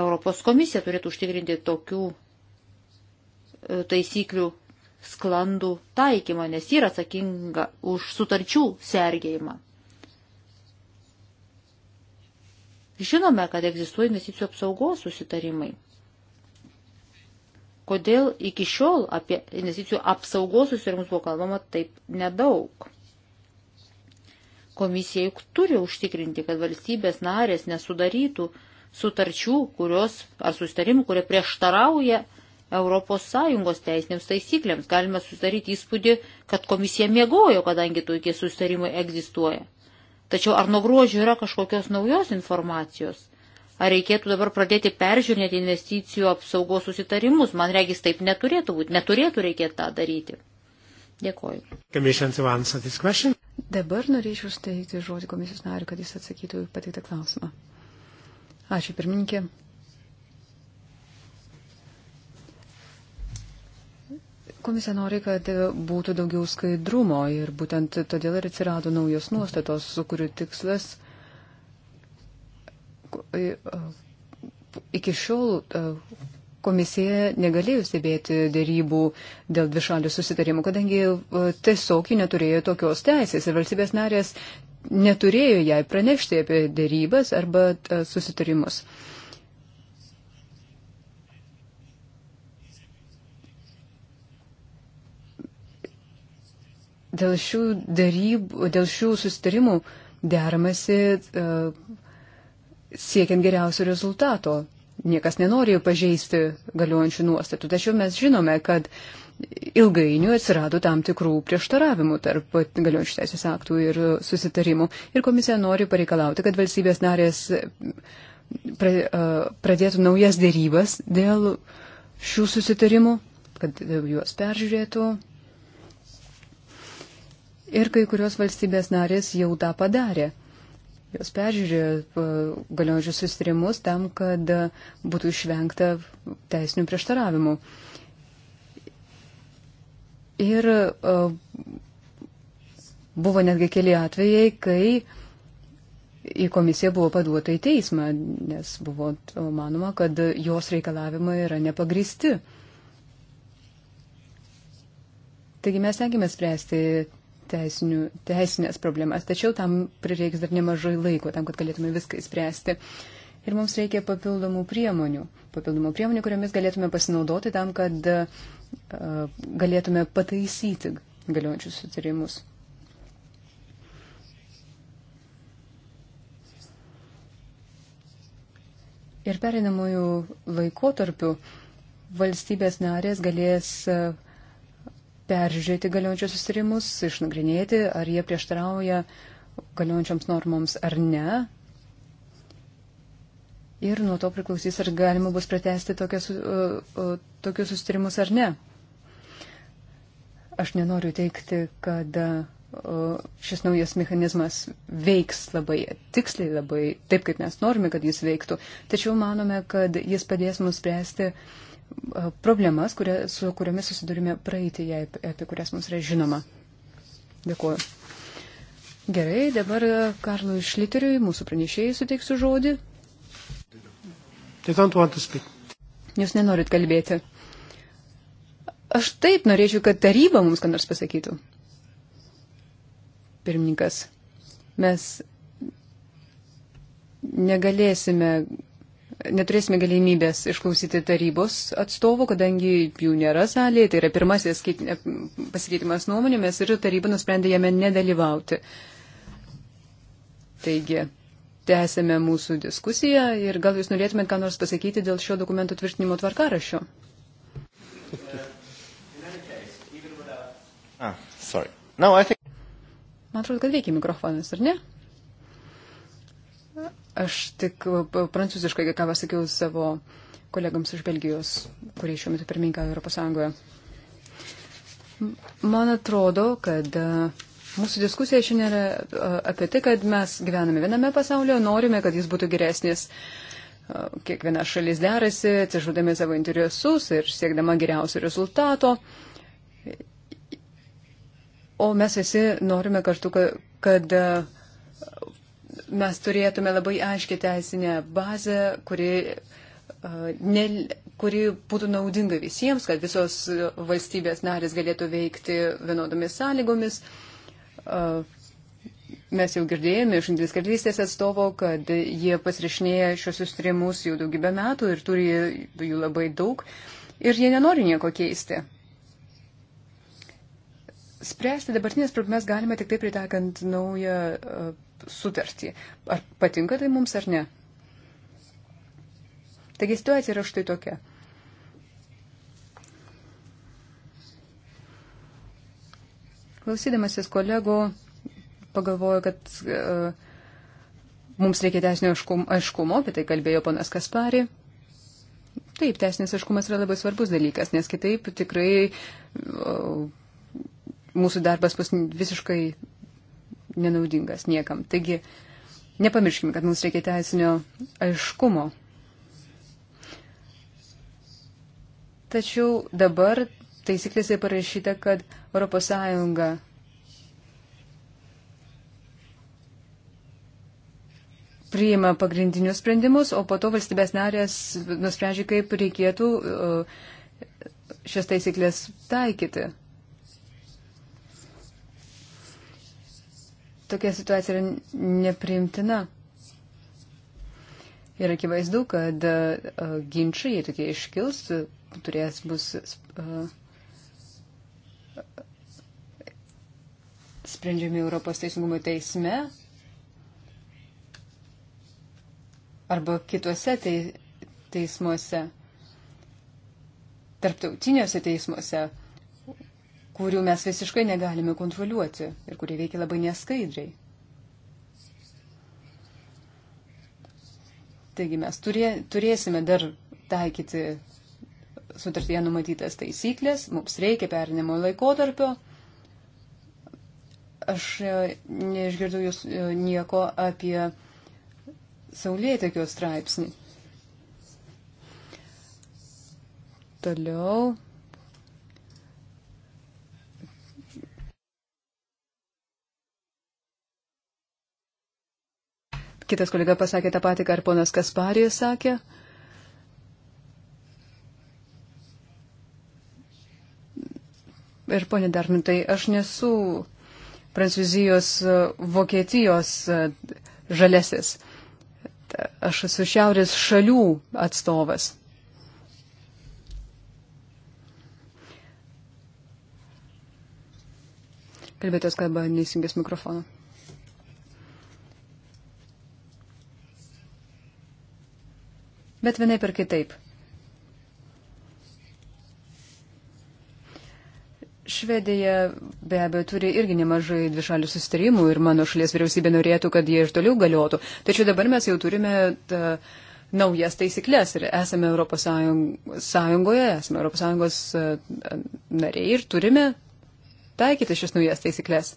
Speaker 3: Europos komisija turėtų užtikrinti tokių e, taisyklių sklandų taikymą, nes yra atsakinga už sutarčių sergėjimą. Žinome, kad egzistuoja investicijų apsaugos susitarimai kodėl iki šiol apie investicijų apsaugos susirimus buvo kalbama taip nedaug. Komisija juk turi užtikrinti, kad valstybės narės nesudarytų sutarčių, kurios ar sustarimų, kurie prieštarauja ES teisinėms taisyklėms. Galime susidaryti įspūdį, kad komisija mėgojo, kadangi tokie sustarimai egzistuoja. Tačiau ar nuo gruodžio yra kažkokios naujos informacijos? ar reikėtų dabar pradėti peržiūrėti investicijų apsaugos susitarimus. Man regis taip neturėtų būti, neturėtų reikėti tą daryti.
Speaker 4: Dėkoju. Dabar norėčiau steigti žodį komisijos nariu, kad jis atsakytų į pateiktą klausimą. Ačiū, pirmininkė. Komisija nori, kad būtų daugiau skaidrumo ir būtent todėl ir atsirado naujos nuostatos, kurių tikslas iki šiol e, komisija negalėjo stebėti dėrybų dėl dvišalių susitarimų, kadangi e, tiesiog ji neturėjo tokios teisės ir valstybės narės neturėjo jai pranešti apie dėrybas arba e, susitarimus. Dėl šių, darybų, dėl šių susitarimų deramasi uh, siekiant geriausio rezultato. Niekas nenori pažeisti galiojančių nuostatų, tačiau mes žinome, kad ilgainiui atsirado tam tikrų prieštaravimų tarp galiojančių teisės aktų ir susitarimų. Ir komisija nori pareikalauti, kad valstybės narės pradėtų naujas dėrybas dėl šių susitarimų, kad juos peržiūrėtų. Ir kai kurios valstybės narės jau tą padarė. Jos peržiūrėjo e, galiojančius sustarimus tam, kad e, būtų išvengta teisinių prieštaravimų. Ir e, buvo netgi keli atvejai, kai į komisiją buvo paduota į teismą, nes buvo manoma, kad jos reikalavimai yra nepagristi. Taigi mes tenkime spręsti teisinių, teisinės problemas, tačiau tam prireiks dar nemažai laiko, tam, kad galėtume viską įspręsti. Ir mums reikia papildomų priemonių, papildomų priemonių, kuriomis galėtume pasinaudoti tam, kad e, galėtume pataisyti galiojančius sutarimus. Ir perinamųjų laikotarpių valstybės narės galės uh, peržiūrėti galiojančius susirimus, išnagrinėti, ar jie prieštarauja galiojančioms normoms ar ne. Ir nuo to priklausys, ar galima bus pratesti tokius, uh, uh, tokius susitarimus ar ne. Aš nenoriu teikti, kad uh, šis naujas mechanizmas veiks labai tiksliai, labai taip, kaip mes norime, kad jis veiktų. Tačiau manome, kad jis padės mums spręsti uh, E, problemas, kurie, su kuriomis susidurime praeitėje, apie kurias mums yra žinoma. Dėkuoju. Gerai, dabar e, Karlui Šliteriui, mūsų pranešėjai, suteiksiu žodį. Jūs nenorit kalbėti. Aš taip norėčiau, kad taryba mums ką nors pasakytų. Pirmininkas, mes negalėsime neturėsime galimybės išklausyti tarybos atstovų, kadangi jų nėra salėje. Tai yra pirmasis pasikeitimas nuomonėmis ir taryba nusprendė jame nedalyvauti. Taigi, tęsėme mūsų diskusiją ir gal jūs norėtumėt ką nors pasakyti dėl šio dokumento tvirtinimo tvarkarašio? Ah, Man atrodo, kad veikia mikrofonas, ar ne? Aš tik e, prancūziškai, ką pasakiau savo kolegams iš Belgijos, kurie šiuo metu pirmininkauja Europos Sąjungoje. Man atrodo, kad e, mūsų diskusija šiandien yra e, apie tai, kad mes gyvename viename pasaulyje, norime, kad jis būtų geresnis. Kiekviena šalis derasi, atsižudami savo interesus ir siekdama geriausio rezultato. O mes visi norime kartu, kad mes turėtume labai aiškiai teisinę bazę, kuri, ne, kuri būtų naudinga visiems, kad visos valstybės narės galėtų veikti vienodomis sąlygomis. Mes jau girdėjome iš Indijos karalystės atstovo, kad jie pasirašinėja šios sustrimus jau daugybę metų ir turi jų labai daug ir jie nenori nieko keisti. Spręsti dabartinės problemas galime tik tai pritaikant naują sutartį. Ar patinka tai mums ar ne? Taigi situacija yra štai tokia. Klausydamasis kolego, pagalvoju, kad uh, mums reikia teisinio aiškumo, apie tai kalbėjo ponas Kaspari. Taip, teisinis aiškumas yra labai svarbus dalykas, nes kitaip tikrai uh, mūsų darbas bus visiškai nenaudingas niekam. Taigi, nepamirškime, kad mums reikia teisinio aiškumo. Tačiau dabar taisyklėse parašyta, kad ES priima pagrindinius sprendimus, o po to valstybės narės nusprendžia, kaip reikėtų uh, šias taisyklės taikyti. tokia situacija yra nepriimtina. Ir akivaizdu, kad uh, ginčiai, jei tokie iškils, turės bus uh, sprendžiami Europos teisingumo teisme arba kituose te, teismuose, tarptautiniuose teismuose kurių mes visiškai negalime kontroliuoti ir kurie veikia labai neskaidriai. Taigi mes turė, turėsime dar taikyti sutartyje numatytas taisyklės, mums reikia perinimo laikotarpio. Aš e, neišgirdau jūs e, nieko apie Saulėtekio straipsnį. Toliau kitas kolega pasakė tą patį, ką ir ponas Kasparė sakė. Ir ponė Darmintai, aš nesu Prancūzijos, Vokietijos žalesis. Aš esu šiaurės šalių atstovas. Kalbėtos kalba neįsijungęs mikrofoną. bet vienai per kitaip. Švedija be abejo turi irgi nemažai dvišalių sustarimų ir mano šalies vyriausybė norėtų, kad jie ir toliau galiotų. Tačiau dabar mes jau turime tą, naujas taisyklės ir esame Europos Sąjungoje, esame Europos Sąjungos e, nariai ir turime taikyti šias naujas taisyklės.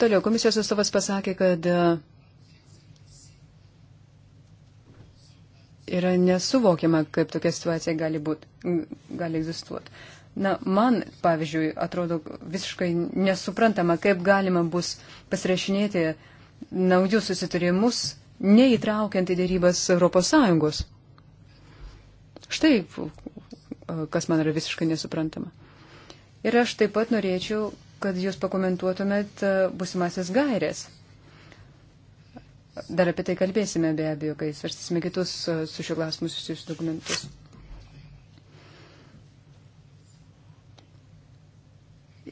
Speaker 4: Toliau komisijos atstovas pasakė, kad yra nesuvokiama, kaip tokia situacija gali, būt, gali egzistuoti. Na, man, pavyzdžiui, atrodo visiškai nesuprantama, kaip galima bus pasirašinėti naujus susitarimus, neįtraukiant į dėrybas ES. Štai, kas man yra visiškai nesuprantama. Ir aš taip pat norėčiau, kad jūs pakomentuotumėt e, busimasis gairės. Dar apie tai kalbėsime be abejo, kai svarstysime kitus su šiuo klausimu susijusius dokumentus.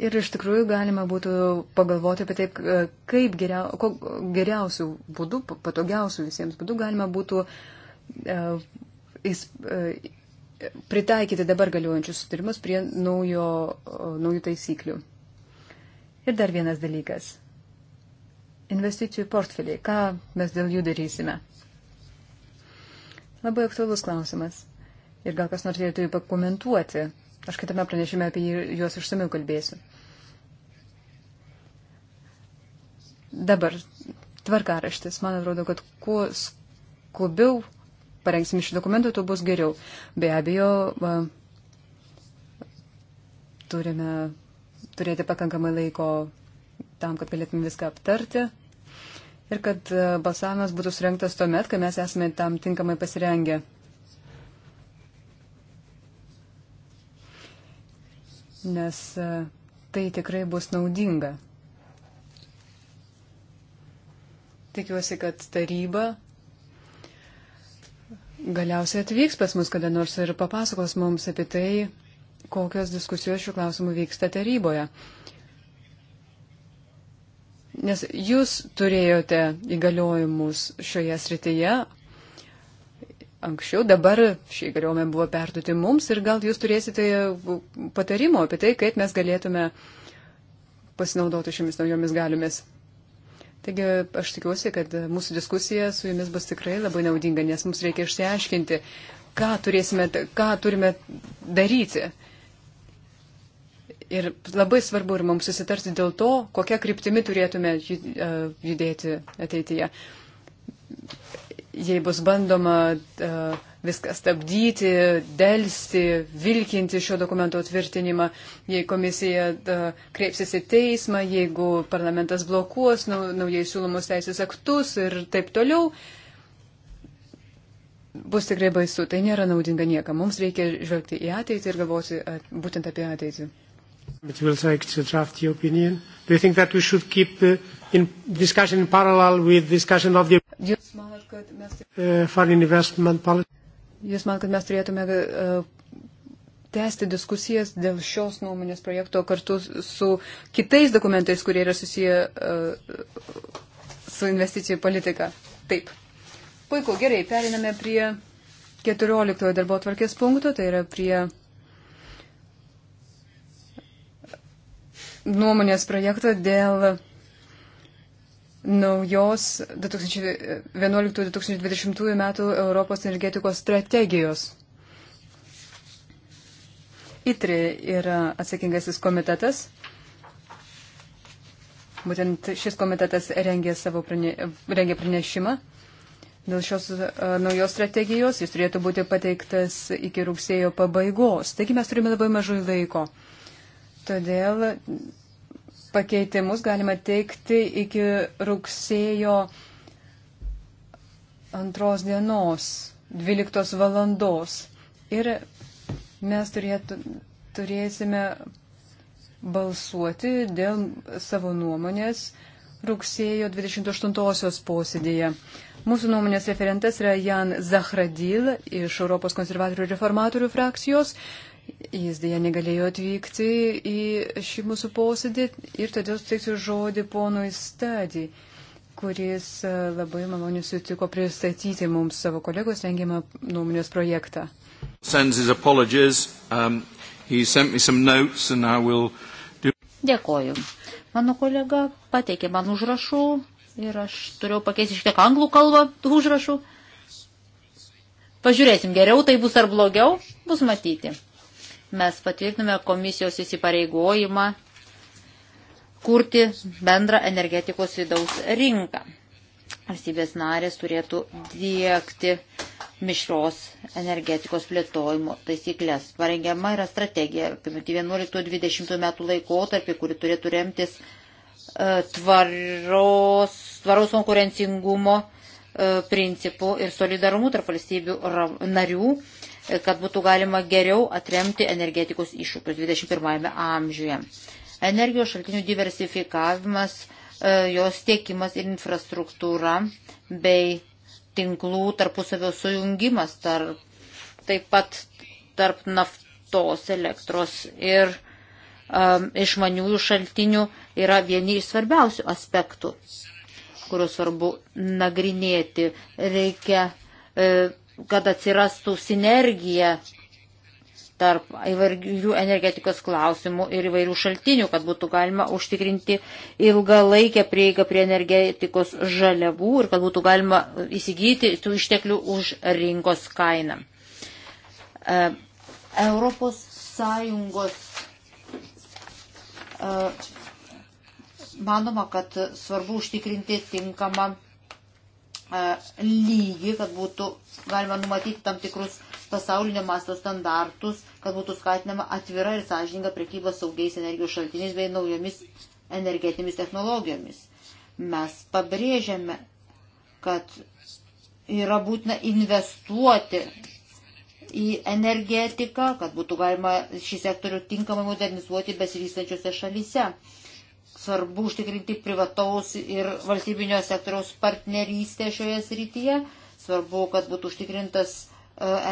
Speaker 4: Ir iš tikrųjų galima būtų pagalvoti apie taip, kaip geriau, geriausių būdų, patogiausių visiems būdų galima būtų uh, is, uh, pritaikyti dabar galiojančius sutarimus prie naujo, uh, naujų taisyklių. Ir dar vienas dalykas investicijų portfeliai, ką mes dėl jų darysime? Labai aktualus klausimas. Ir gal kas nors turėtų jį pakomentuoti. Aš kitame pranešime apie juos išsamiau kalbėsiu. Dabar tvarkaraštis. Man atrodo, kad kuo skubiau parengsim šį dokumentą, tuo bus geriau. Be abejo, va, turime turėti pakankamai laiko tam, kad galėtume viską aptarti ir kad e, balsavimas būtų surinktas tuo met, kai mes esame tam tinkamai pasirengę. Nes e, tai tikrai bus naudinga. Tikiuosi, kad taryba galiausiai atvyks pas mus kada nors ir papasakos mums apie tai, kokios diskusijos šiuo klausimu vyksta taryboje. Uh, nes jūs turėjote įgaliojimus šioje srityje anksčiau, dabar šie įgaliojimai buvo perduoti mums ir gal jūs turėsite patarimo apie tai, kaip mes galėtume pasinaudoti šiomis naujomis galiomis. Taigi aš tikiuosi, kad mūsų diskusija su jumis bus tikrai labai naudinga, nes mums reikia išsiaiškinti, ką, turėsime, ką turime daryti Ir labai svarbu ir mums susitarti dėl to, kokią kryptimį turėtume e, judėti ateityje. Jei bus bandoma e, viską stabdyti, dėlsti, vilkinti šio dokumento tvirtinimą, jei komisija e, kreipsis į teismą, jeigu parlamentas blokuos naujai siūlomus teisės aktus ir taip toliau, bus tikrai baisu. Tai nėra naudinga niekam. Mums reikia žvelgti į ateitį ir galvoti būtent apie ateitį.
Speaker 1: It will take to draft the opinion. Do you think that we should keep uh, in discussion in parallel with discussion of the Jūs
Speaker 4: manot, kad mes,
Speaker 1: uh, foreign investment policy?
Speaker 4: Jūs manot, kad mes turėtume uh, tęsti diskusijas dėl šios nuomonės projekto kartu su kitais dokumentais, kurie yra susiję uh, su investicijų politika. Taip. Puiku, gerai, periname prie 14 darbo tvarkės punkto, tai yra prie nuomonės projektą dėl naujos 2011-2020 metų Europos energetikos strategijos. ITRI yra atsakingasis komitetas. Būtent šis komitetas rengė, savo prane, rengė pranešimą dėl šios uh, naujos strategijos. Jis turėtų būti pateiktas iki rugsėjo pabaigos. Taigi mes turime labai mažai laiko. Uh, Todėl pakeitimus galima teikti iki rugsėjo antros dienos, 12 valandos. Ir mes turėtų, turėsime balsuoti dėl savo nuomonės rugsėjo 28-osios posėdėje. Mūsų nuomonės referentas yra Jan Zahradil iš Europos konservatorių reformatorių frakcijos. Jis dėja negalėjo atvykti į šį mūsų posėdį ir todėl suteiksiu žodį ponui Stadį, kuris e, labai maloniai sutiko pristatyti mums savo kolegos rengiamą nuomonės projektą.
Speaker 2: Um, do...
Speaker 3: Dėkoju. Mano kolega pateikė man užrašų ir aš turėjau pakeisti šiek tiek anglų kalbą tų užrašų. Pažiūrėsim, geriau tai bus ar blogiau, bus matyti mes patvirtiname komisijos įsipareigojimą kurti bendrą energetikos vidaus rinką. Valstybės narės turėtų dėkti mišros energetikos plėtojimo taisyklės. Parengiama yra strategija 11-20 metų laikotarpį, kuri turėtų remtis e, tvaros, tvaraus konkurencingumo e, principų ir solidarumų tarp valstybių narių kad būtų galima geriau atremti energetikos iššūkius 21 amžiuje. Energijos šaltinių diversifikavimas, e, jos tiekimas ir infrastruktūra bei tinklų tarpusavio sujungimas tarp, taip pat tarp naftos, elektros ir um, išmaniųjų šaltinių yra vieni iš svarbiausių aspektų, kuriuos svarbu nagrinėti. Reikia e, kad atsirastų sinergija tarp įvairių energetikos klausimų ir įvairių šaltinių, kad būtų galima užtikrinti ilgalaikę prieigą prie energetikos žaliavų ir kad būtų galima įsigyti tų išteklių už rinkos kainą. E, Europos Sąjungos e, manoma, kad svarbu užtikrinti tinkamą lygį, kad būtų galima numatyti tam tikrus pasaulinio masto standartus, kad būtų skatinama atvira ir sąžininga prekyba saugiais energijos šaltiniais bei naujomis energetinėmis technologijomis. Mes pabrėžiame, kad yra būtina investuoti į energetiką, kad būtų galima šį sektorių tinkamai modernizuoti besivystančiose šalyse svarbu užtikrinti privataus ir valstybinio sektoriaus partnerystę šioje srityje, svarbu, kad būtų užtikrintas e,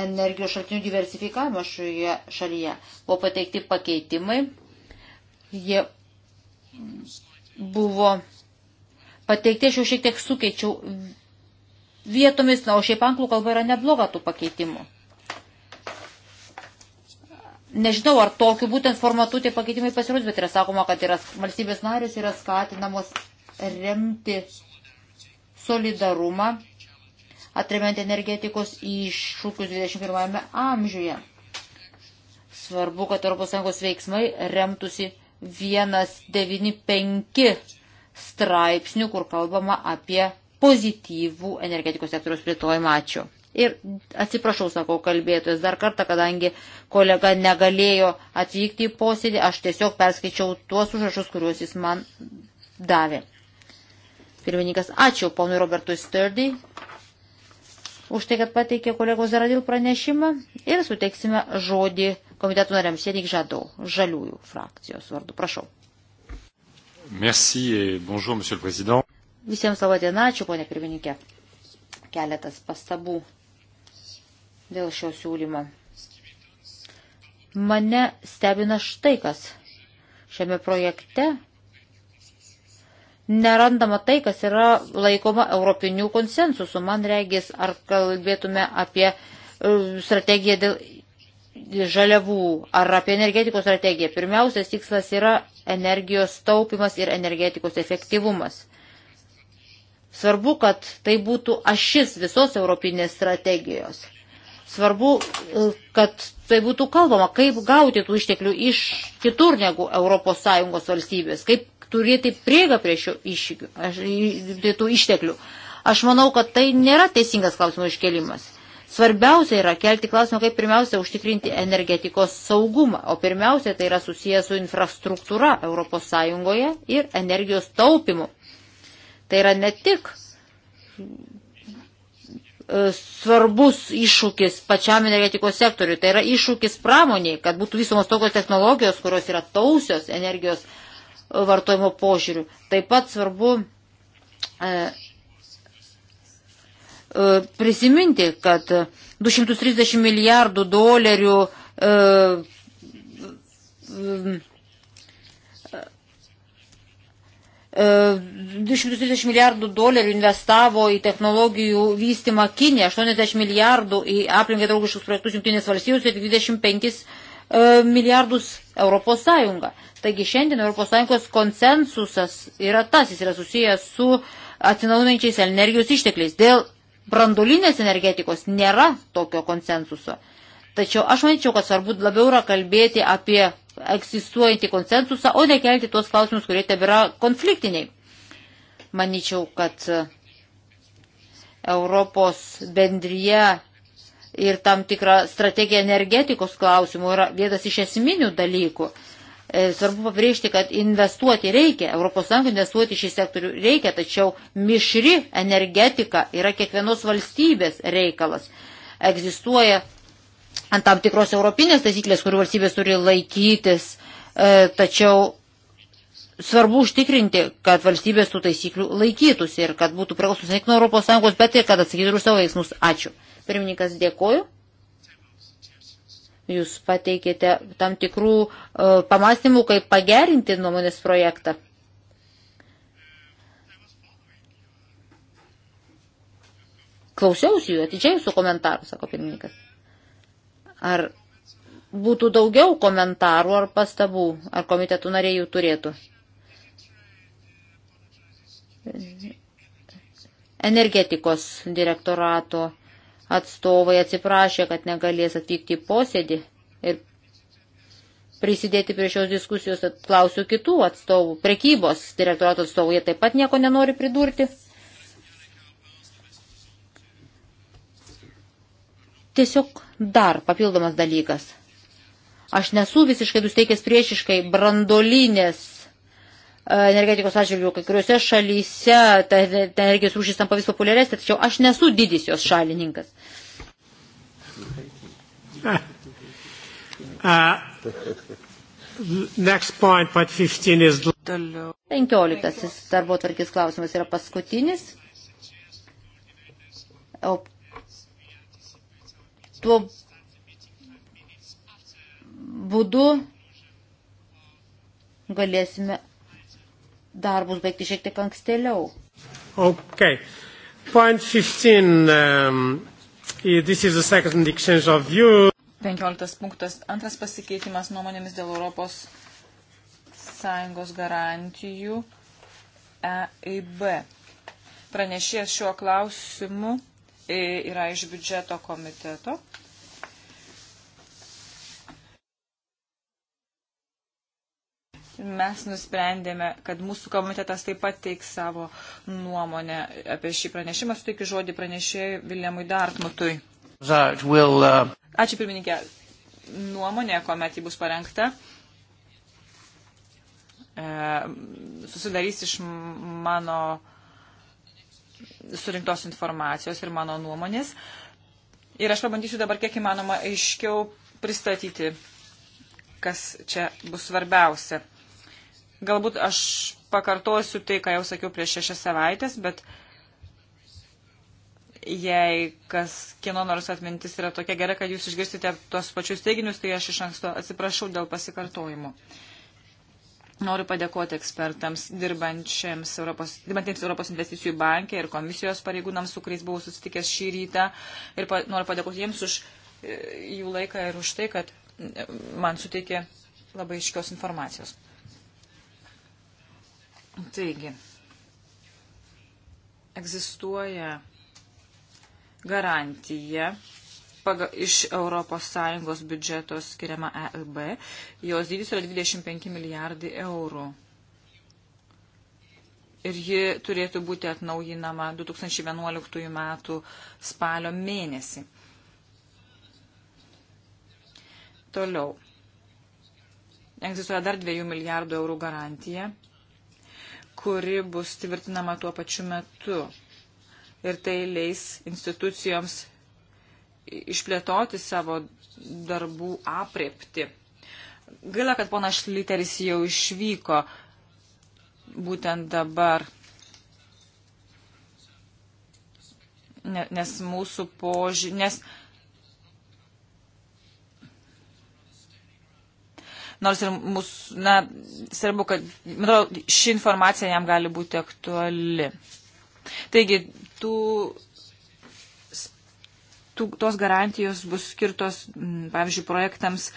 Speaker 3: energijos šaltinių diversifikavimas šioje šalyje. Buvo pateikti pakeitimai, jie buvo pateikti, aš jau šiek tiek sukeičiau vietomis, na, o šiaip anglų kalba yra nebloga tų pakeitimų. Nežinau, ar tokiu būtent formatu tie pakeitimai pasirodys, bet yra sakoma, kad yra, valstybės narės yra skatinamos remti solidarumą, atremiant energetikos iššūkius 21 amžiuje. Svarbu, kad ES veiksmai remtųsi 195 straipsnių, kur kalbama apie pozityvų energetikos sektoriaus plėtojimą. Ačiū. Ir atsiprašau, sakau kalbėtojas, dar kartą, kadangi kolega negalėjo atvykti į posėdį, aš tiesiog perskaičiau tuos užrašus, kuriuos jis man davė. Pirmininkas, ačiū ponui Robertui Sturdy už tai, kad pateikė kolegos Zaradil pranešimą ir suteiksime žodį komitetų nariams Jenik Žadau, žaliųjų frakcijos vardu. Prašau.
Speaker 1: Merci et bonjour, monsieur le président.
Speaker 3: Visiems savo dieną, ačiū, ponė pirmininkė. Keletas pastabų dėl šio siūlymo. Mane stebina štai kas. Šiame projekte nerandama tai, kas yra laikoma europinių konsensusų. Man regis, ar kalbėtume apie e, strategiją dėl žaliavų ar apie energetikos strategiją. Pirmiausias tikslas yra energijos taupimas ir energetikos efektyvumas. Svarbu, kad tai būtų ašis visos europinės strategijos. Svarbu, e, kad tai būtų kalbama, kaip gauti tų išteklių iš kitur negu ES valstybės, kaip turėti priega prie šių iššykių, tų išteklių. Aš manau, kad tai nėra teisingas klausimų iškelimas. Svarbiausia yra kelti klausimą, kaip pirmiausia užtikrinti energetikos saugumą, o pirmiausia tai yra susijęs su infrastruktūra ES ir energijos taupimu. Tai yra ne tik E, svarbus iššūkis pačiam energetikos sektoriui. Tai yra iššūkis pramoniai, kad būtų visomos tokios technologijos, kurios yra tausios energijos vartojimo požiūrių. Taip pat svarbu e, e prisiminti, kad 230 milijardų dolerių e, 230 e, milijardų dolerių investavo į technologijų vystymą Kinė, 80 milijardų į aplinkai draugiškus projektus Junktinės valstijos ir 25 e, milijardus Europos Sąjunga. Taigi šiandien Europos Sąjungos konsensusas yra tas, jis yra susijęs su atsinaujinančiais energijos ištekliais. Dėl brandulinės energetikos nėra tokio konsensuso. Tačiau aš manyčiau, kad svarbu labiau yra kalbėti apie egzistuojantį konsensusą, o nekelti tuos klausimus, kurie tebėra konfliktiniai. Maničiau, kad Europos bendryje ir tam tikra strategija energetikos klausimų yra vienas iš esminių dalykų. E, svarbu pabrėžti, kad investuoti reikia, ES investuoti šį sektorių reikia, tačiau mišri energetika yra kiekvienos valstybės reikalas. Egzistuoja ant tam tikros europinės taisyklės, kurių valstybės turi laikytis, e, tačiau svarbu užtikrinti, kad valstybės tų taisyklių laikytųsi ir kad būtų priklausomus ne tik nuo Europos Sąjungos, bet ir kad atsakytų už savo veiksmus. Ačiū. Pirmininkas, dėkoju. Jūs pateikėte tam tikrų uh, pamastymų, kaip pagerinti nuomonės projektą. Klausiausi jų atidžiai jūsų komentarų, sako pirmininkas. Ar būtų daugiau komentarų ar pastabų, ar komitetų nariai jų turėtų? Energetikos direktorato atstovai atsiprašė, kad negalės atvykti į posėdį ir prisidėti prie šios diskusijos, klausiu kitų atstovų, prekybos direktorato atstovų, jie taip pat nieko nenori pridurti. Tiesiog dar papildomas dalykas. Aš nesu visiškai nusteikęs priešiškai brandolinės e, energetikos atžvilgių, kai kuriuose šalyse ta, ta energijos rūšis tampa vis populiaresnė, tačiau aš nesu didis jos šalininkas.
Speaker 1: Uh, next point, point 15 is... 15.
Speaker 3: darbo tvarkis klausimas yra paskutinis. O Tuo būdu galėsime darbus baigti šiek tiek ankstėliau.
Speaker 1: Okay. Point 15. Um, this is the second exchange of views.
Speaker 2: 15 punktas. Antras pasikeitimas nuomonėmis dėl Europos Sąjungos garantijų EIB. Pranešės šiuo klausimu yra iš biudžeto komiteto. Mes nusprendėme, kad mūsų komitetas taip pat teiks savo nuomonę apie šį pranešimą. Suteikiu žodį pranešėjui Viljamui Dartmutui.
Speaker 1: Uh,
Speaker 2: Ačiū pirmininkė. Nuomonė, kuomet ji bus parengta, e, susidarys iš mano surinktos informacijos ir mano nuomonės. Ir aš pabandysiu dabar kiek įmanoma aiškiau pristatyti, kas čia bus svarbiausia. Galbūt aš pakartosiu tai, ką jau sakiau prieš šešias savaitės, bet jei kas kieno nors atmintis yra tokia gera, kad jūs išgirsite tos pačius teiginius, tai aš iš anksto atsiprašau dėl pasikartojimų. Uh, Noriu padėkoti ekspertams dirbantiems Europos, dirbantiems Europos investicijų bankė ir komisijos pareigūnams, su kuriais buvau susitikęs šį rytą. Ir pa, noriu padėkoti jiems už e, jų laiką ir už tai, kad e, man suteikė labai iškios informacijos. Taigi, egzistuoja garantija pagal, iš ES biudžeto skiriama EIB. Jos dydis yra 25 milijardai eurų. Ir ji turėtų būti atnaujinama 2011 m. spalio mėnesį. Toliau. Egzistuoja dar 2 milijardų eurų garantija, kuri bus tvirtinama tuo pačiu metu. Ir tai leis institucijoms išplėtoti savo darbų apriepti. Gaila, kad ponas Šliteris jau išvyko būtent dabar, nes mūsų požiūrį, nes nors ir mūsų, na, svarbu, kad, manau, ši informacija jam gali būti aktuali. Taigi, tų tų, tos garantijos bus skirtos, pavyzdžiui, projektams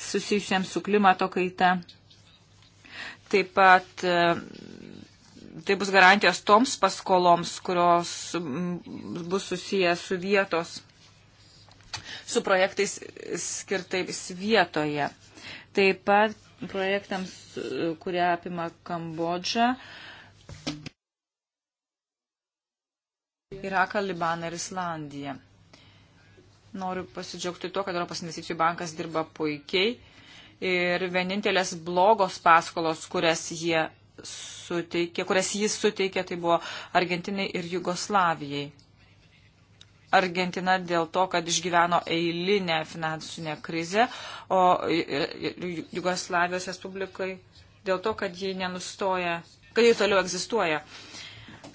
Speaker 2: susijusiems su klimato kaita. Taip pat e, tai bus garantijos toms paskoloms, kurios bus susijęs su vietos, su projektais skirtais vietoje. Taip pat projektams, e, kurie apima Kambodžą, Iraką, Libaną ir Islandiją. Noriu pasidžiaugti tuo, kad Europos investicijų bankas dirba puikiai ir vienintelės blogos paskolos, kurias jie suteikė, kurias jis suteikė, tai buvo Argentinai ir Jugoslavijai. Argentina dėl to, kad išgyveno eilinę finansinę krizę, o Jugoslavijos Respublikai dėl to, kad ji nenustoja, kad ji toliau egzistuoja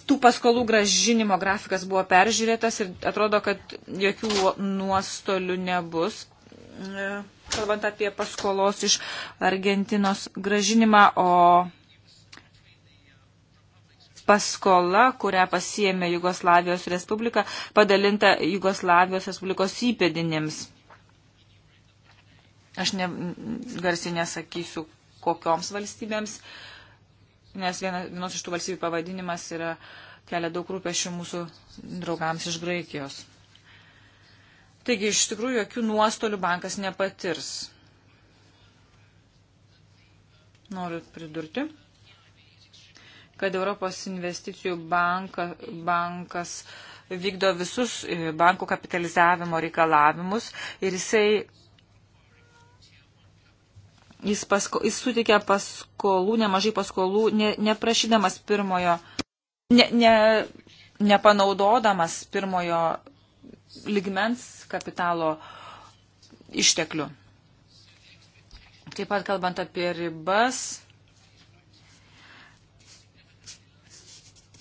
Speaker 2: tų paskolų gražinimo grafikas buvo peržiūrėtas ir atrodo, kad jokių nuostolių nebus. E, kalbant apie paskolos iš Argentinos gražinimą, o paskola, kurią pasiemė Jugoslavijos Respublika, padalinta Jugoslavijos Respublikos įpėdinėms. Aš ne, garsiai nesakysiu, kokioms valstybėms. Uh, nes vienos iš tų valstybių pavadinimas yra kelia daug rūpešių mūsų draugams iš Graikijos. Taigi, iš tikrųjų, jokių nuostolių bankas nepatirs. Noriu pridurti, kad Europos investicijų banka, bankas vykdo visus e, bankų kapitalizavimo reikalavimus ir jisai Jis, pasko, jis sutikė paskolų, nemažai paskolų, ne, neprašydamas pirmojo, ne, ne, nepanaudodamas pirmojo ligmens kapitalo išteklių. Taip pat kalbant apie ribas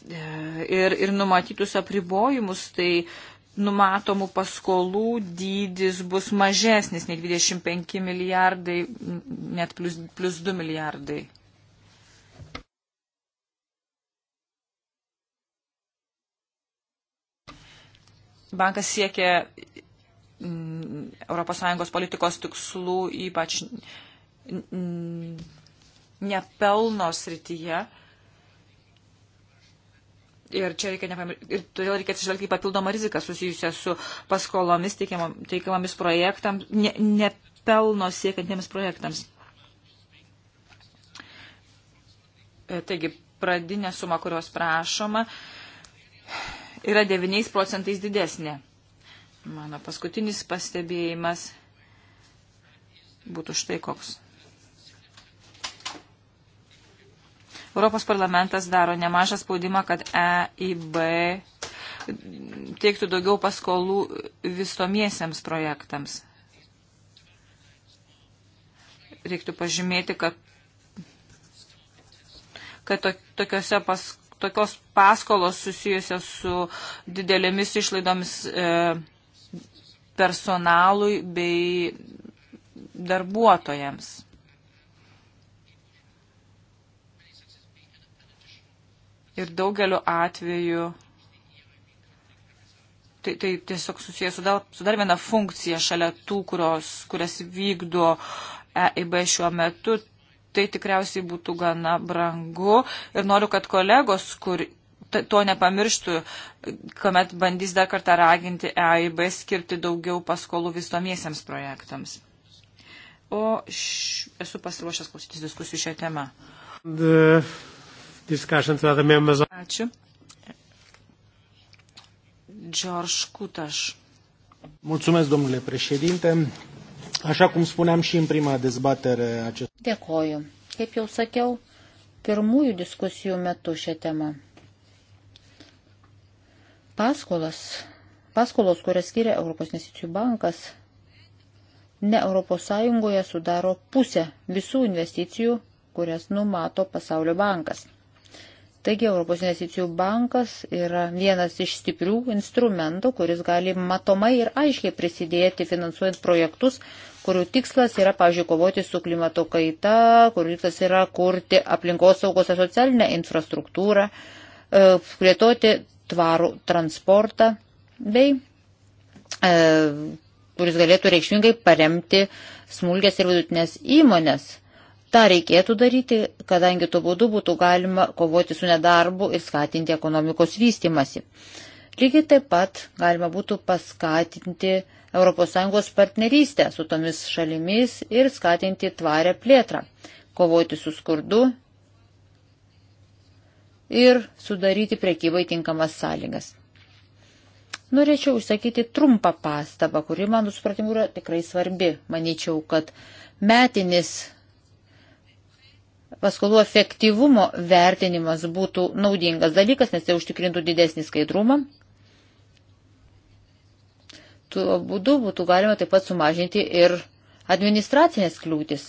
Speaker 2: e, ir, ir numatytus apribojimus, tai uh, numatomų paskolų dydis bus mažesnis nei 25 milijardai, net plus, plus 2 milijardai. Bankas siekia mm, ES politikos tikslų, ypač nepelno srityje. Ne Ir čia reikia nepamiršti, ir todėl reikia atsižvelgti į papildomą riziką susijusią su paskolomis teikiamomis projektams, nepelno ne, ne siekantiems projektams. E, taigi, pradinė suma, kurios prašoma, yra 9 procentais didesnė. Mano paskutinis pastebėjimas būtų štai koks. Europos parlamentas daro nemažą spaudimą, kad EIB teiktų daugiau paskolų visomiesiems projektams. Reiktų pažymėti, kad, kad to, tokiuose paskolose tokios paskolos susijusios su didelėmis išlaidomis e, personalui bei darbuotojams. ir daugeliu atveju tai, tai tiesiog susijęs su, dar, su dar viena funkcija šalia tų, kurios, kurias vykdo EIB šiuo metu. Tai tikriausiai būtų gana brangu ir noriu, kad kolegos, kur, to nepamirštų, kuomet bandys dar kartą raginti EIB skirti daugiau paskolų visomiesiems projektams. O š, esu pasiruošęs klausytis diskusijų šią temą.
Speaker 1: The discussions with other members. Ačiū.
Speaker 2: George Cutaș.
Speaker 1: Mulțumesc, domnule președinte. Așa cum spuneam și în prima dezbatere acest...
Speaker 3: Dėkoju. Kaip jau sakiau, pirmųjų diskusijų metu šią temą. Paskolas, paskolos, kurias skiria Europos investicijų bankas, ne Europos Sąjungoje sudaro pusę visų investicijų, kurias numato Pasaulio bankas. Taigi Europos investicijų bankas yra vienas iš stiprių instrumentų, kuris gali matomai ir aiškiai prisidėti finansuojant projektus, kurių tikslas yra, pavyzdžiui, kovoti su klimato kaita, kurių tikslas yra kurti aplinkos saugos ir socialinę infrastruktūrą, e, plėtoti tvarų transportą bei e, kuris galėtų reikšmingai paremti smulkės ir vidutinės įmonės Ta reikėtų daryti, kadangi tuo būdu būtų galima kovoti su nedarbu ir skatinti ekonomikos vystimasi. Lygiai taip pat galima būtų paskatinti ES partnerystę su tomis šalimis ir skatinti tvarę plėtrą, kovoti su skurdu ir sudaryti priekybai tinkamas sąlygas. Norėčiau užsakyti trumpą pastabą, kuri mano supratimu yra tikrai svarbi. Manyčiau, kad metinis paskolų efektyvumo vertinimas būtų naudingas dalykas, nes tai užtikrintų didesnį skaidrumą. Tuo būdu būtų galima taip pat sumažinti ir administracinės kliūtis.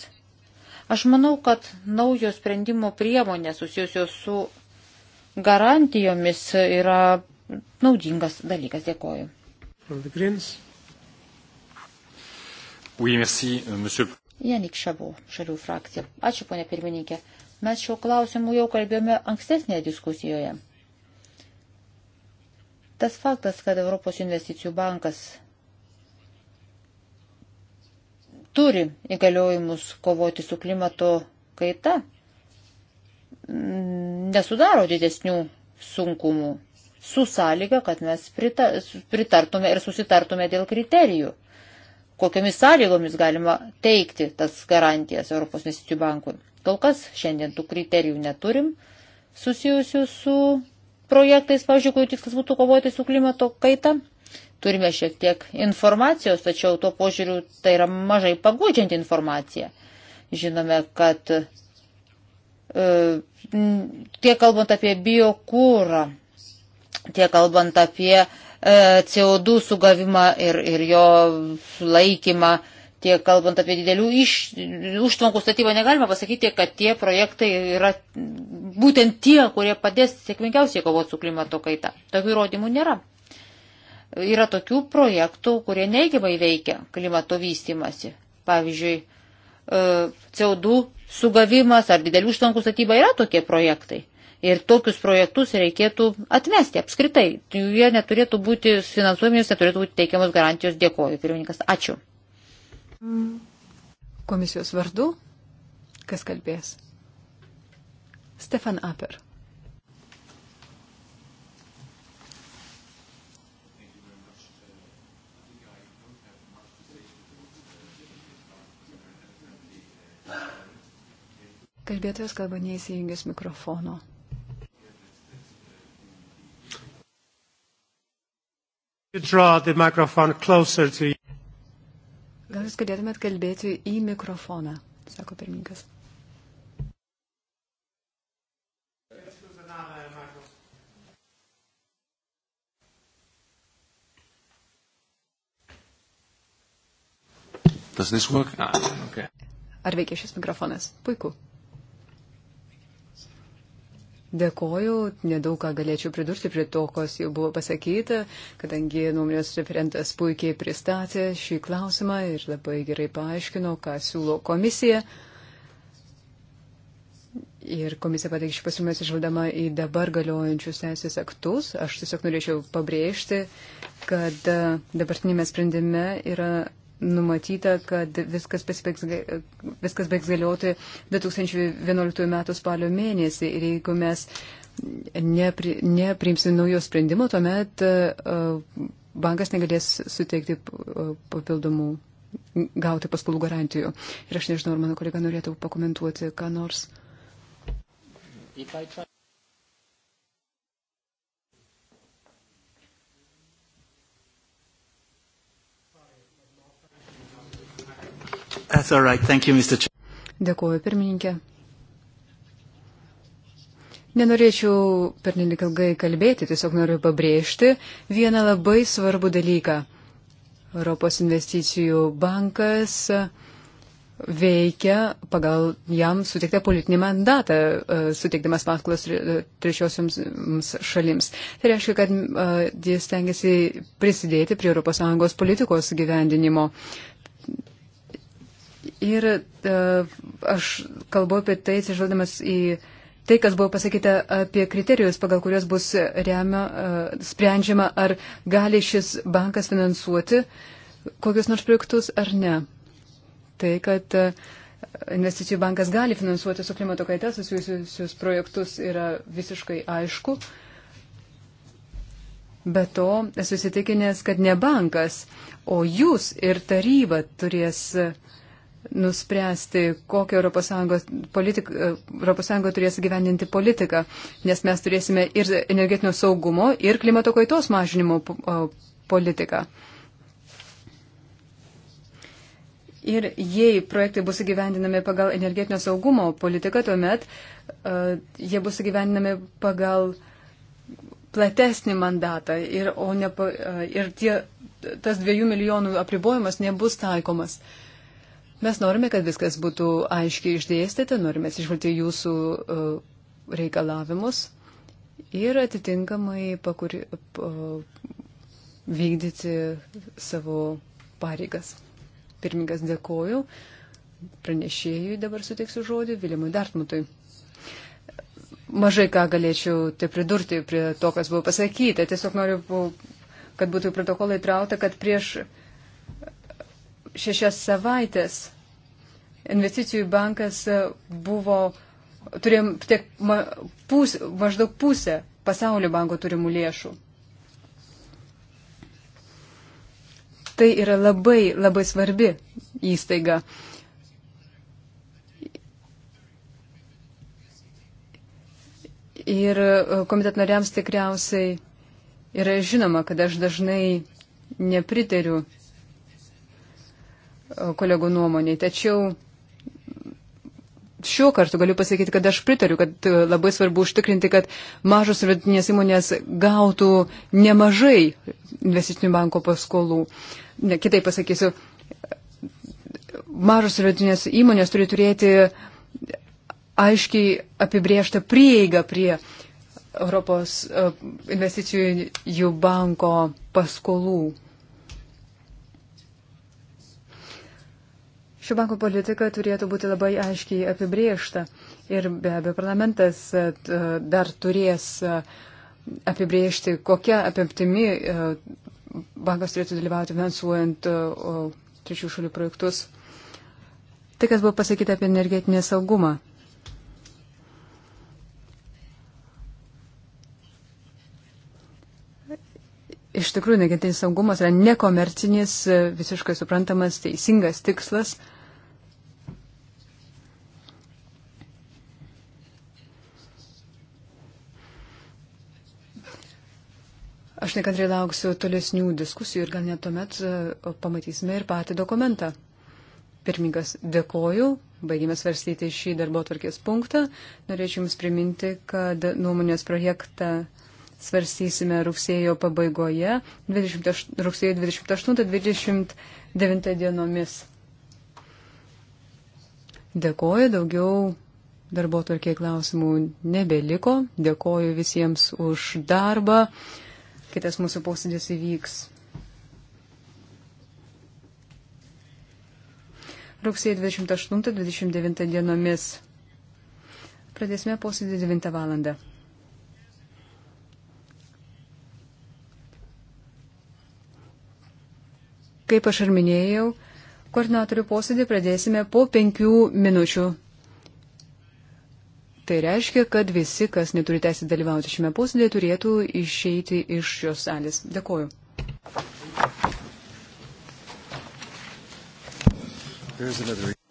Speaker 3: Aš manau, kad naujos sprendimo priemonės susijusios su garantijomis yra naudingas dalykas. Dėkoju.
Speaker 1: Oui, merci, euh, monsieur.
Speaker 3: Janik Šabu, šalių frakcija. Ačiū, ponė pirmininkė. Mes šiuo klausimu jau kalbėjome ankstesnėje diskusijoje. Tas faktas, kad Europos investicijų bankas turi įgaliojimus kovoti su klimato kaita, mm, nesudaro didesnių sunkumų, su sąlyga, kad mes pritartume ir susitartume dėl kriterijų kokiamis sąlygomis galima teikti tas garantijas Europos investicijų bankui. Kol kas šiandien tų kriterijų neturim susijusių su projektais, pavyzdžiui, kurių tikslas būtų kovoti su klimato kaita. Turime šiek tiek informacijos, tačiau tuo požiūriu tai yra mažai paguodžianti informacija. Žinome, kad e, tiek kalbant apie biokūrą, tiek kalbant apie E, CO2 sugavimą ir, ir jo laikymą. Tiek kalbant apie didelių iš, užtvankų statybą, negalima pasakyti, kad tie projektai yra būtent tie, kurie padės sėkmingiausiai kovoti su klimato kaita. Tokių įrodymų nėra. Yra tokių projektų, kurie neigiamai veikia klimato vystimasi. Pavyzdžiui, e, CO2 sugavimas ar didelių užtvankų statyba yra tokie projektai. Ir tokius projektus reikėtų atmesti apskritai. Jie neturėtų būti finansuojami, jis neturėtų būti teikiamos garantijos. Dėkoju, pirmininkas. Ačiū. Komisijos
Speaker 4: vardu, kas kalbės? Stefan Aper. Kalbėtojas kalba neįsijungęs mikrofono. Gal jūs galėtumėt kalbėti į mikrofoną, sako pirmininkas.
Speaker 3: Does this work? Ah, okay.
Speaker 4: Ar veikia šis mikrofonas? Puiku. Dėkoju, nedaug ką galėčiau pridurti prie to, kas jau buvo pasakyta, kadangi nuomonės referentas puikiai pristatė šį klausimą ir labai gerai paaiškino, ką siūlo komisija. Ir komisija pateikė šį pasiūlymą atsižvaldama į dabar galiojančius teisės aktus. Aš tiesiog norėčiau pabrėžti, kad e, dabartinėme sprendime yra numatyta, kad viskas, pasibėgs, viskas baigs galioti 2011 m. spalio mėnesį. Ir jeigu mes nepri, neprimsim naujo sprendimo, tuomet uh, bankas negalės suteikti uh, papildomų, gauti paskolų garantijų. Ir aš nežinau, ar mano kolega norėtų pakomentuoti ką nors.
Speaker 1: If I try... Right. You,
Speaker 4: Dėkuoju, pirmininkė. Nenorėčiau pernelik ilgai kalbėti, tiesiog noriu pabrėžti vieną labai svarbų dalyką. Europos investicijų bankas veikia pagal jam suteiktą politinį mandatą, e, suteikdamas paskolas e, trečiosioms šalims. Tai reiškia, kad e, jis tengiasi prisidėti prie ES politikos gyvendinimo. Ir e, aš kalbu apie tai atsižvelgdamas į tai, kas buvo pasakyta apie kriterijus, pagal kurios bus remia, e, sprendžiama, ar gali šis bankas finansuoti kokius nors projektus ar ne. Tai, kad e, investicijų bankas gali finansuoti su klimato kaita susijusius projektus yra visiškai aišku. Be to, esu įsitikinęs, kad ne bankas, o jūs ir taryba turės nuspręsti, kokią ES, politik, ES turės gyvendinti politiką, nes mes turėsime ir energetinio saugumo, ir klimato kaitos mažinimo politiką. Ir jei projektai bus įgyvendinami pagal energetinio saugumo politiką, tuomet uh, jie bus įgyvendinami pagal platesnį mandatą ir, ne, uh, ir tie, tas dviejų milijonų apribojimas nebus taikomas. Uh, Mes norime, kad viskas būtų aiškiai išdėstyta, norime atsižvelgti jūsų e, reikalavimus ir atitinkamai pakuri, e, vykdyti savo pareigas. Pirmininkas dėkoju. Pranešėjui dabar suteiksiu žodį Viljamui Dartmutui. Mažai ką galėčiau te pridurti prie to, kas buvo pasakyta. Tiesiog noriu, kad būtų į protokolą įtrauta, kad prieš šešias savaitės investicijų bankas buvo, turėjom tiek ma, pus, maždaug pusę pasaulio banko turimų lėšų. Tai yra labai, labai svarbi įstaiga. Ir e, komitet nariams tikriausiai yra žinoma, kad aš dažnai nepritariu kolegų nuomonė. Tačiau šiuo kartu galiu pasakyti, kad aš pritariu, kad e, labai svarbu užtikrinti, kad mažos ir vidutinės įmonės gautų nemažai investicinių banko paskolų. Ne, kitaip pasakysiu, mažos ir vidutinės įmonės turi turėti aiškiai apibriežtą prieigą prie Europos e, investicijų banko paskolų. Šių bankų politika turėtų būti labai aiškiai apibriešta ir be abejo parlamentas e, e, dar turės e, apibriežti, kokia apimtimi bankas turėtų dalyvauti finansuojant trečių šalių projektus. Tai, kas buvo pasakyta apie energetinį saugumą. Iš tikrųjų, energetinis saugumas yra nekomercinis, visiškai suprantamas, teisingas tikslas. Tai Aš nekantriai lauksiu tolesnių diskusijų ir gal net tuomet e, pamatysime ir patį dokumentą. Pirmingas, dėkoju. Baigėme svarstyti šį darbo tvarkės punktą. Norėčiau Jums priminti, kad nuomonės projektą svarstysime rugsėjo pabaigoje, 20, rugsėjo 28-29 dienomis. Dėkoju, daugiau darbo tvarkiai klausimų nebeliko. Dėkoju visiems už darbą kitas mūsų posėdis įvyks. Rugsėjo 28-29 dienomis. Pradėsime posėdį 9 valandą. Kaip aš ir minėjau, koordinatorių posėdį pradėsime po penkių minučių Tai reiškia, kad visi, kas neturi teisę dalyvauti šiame posėdėje, turėtų išeiti iš šios salės. Dėkoju. Here's another.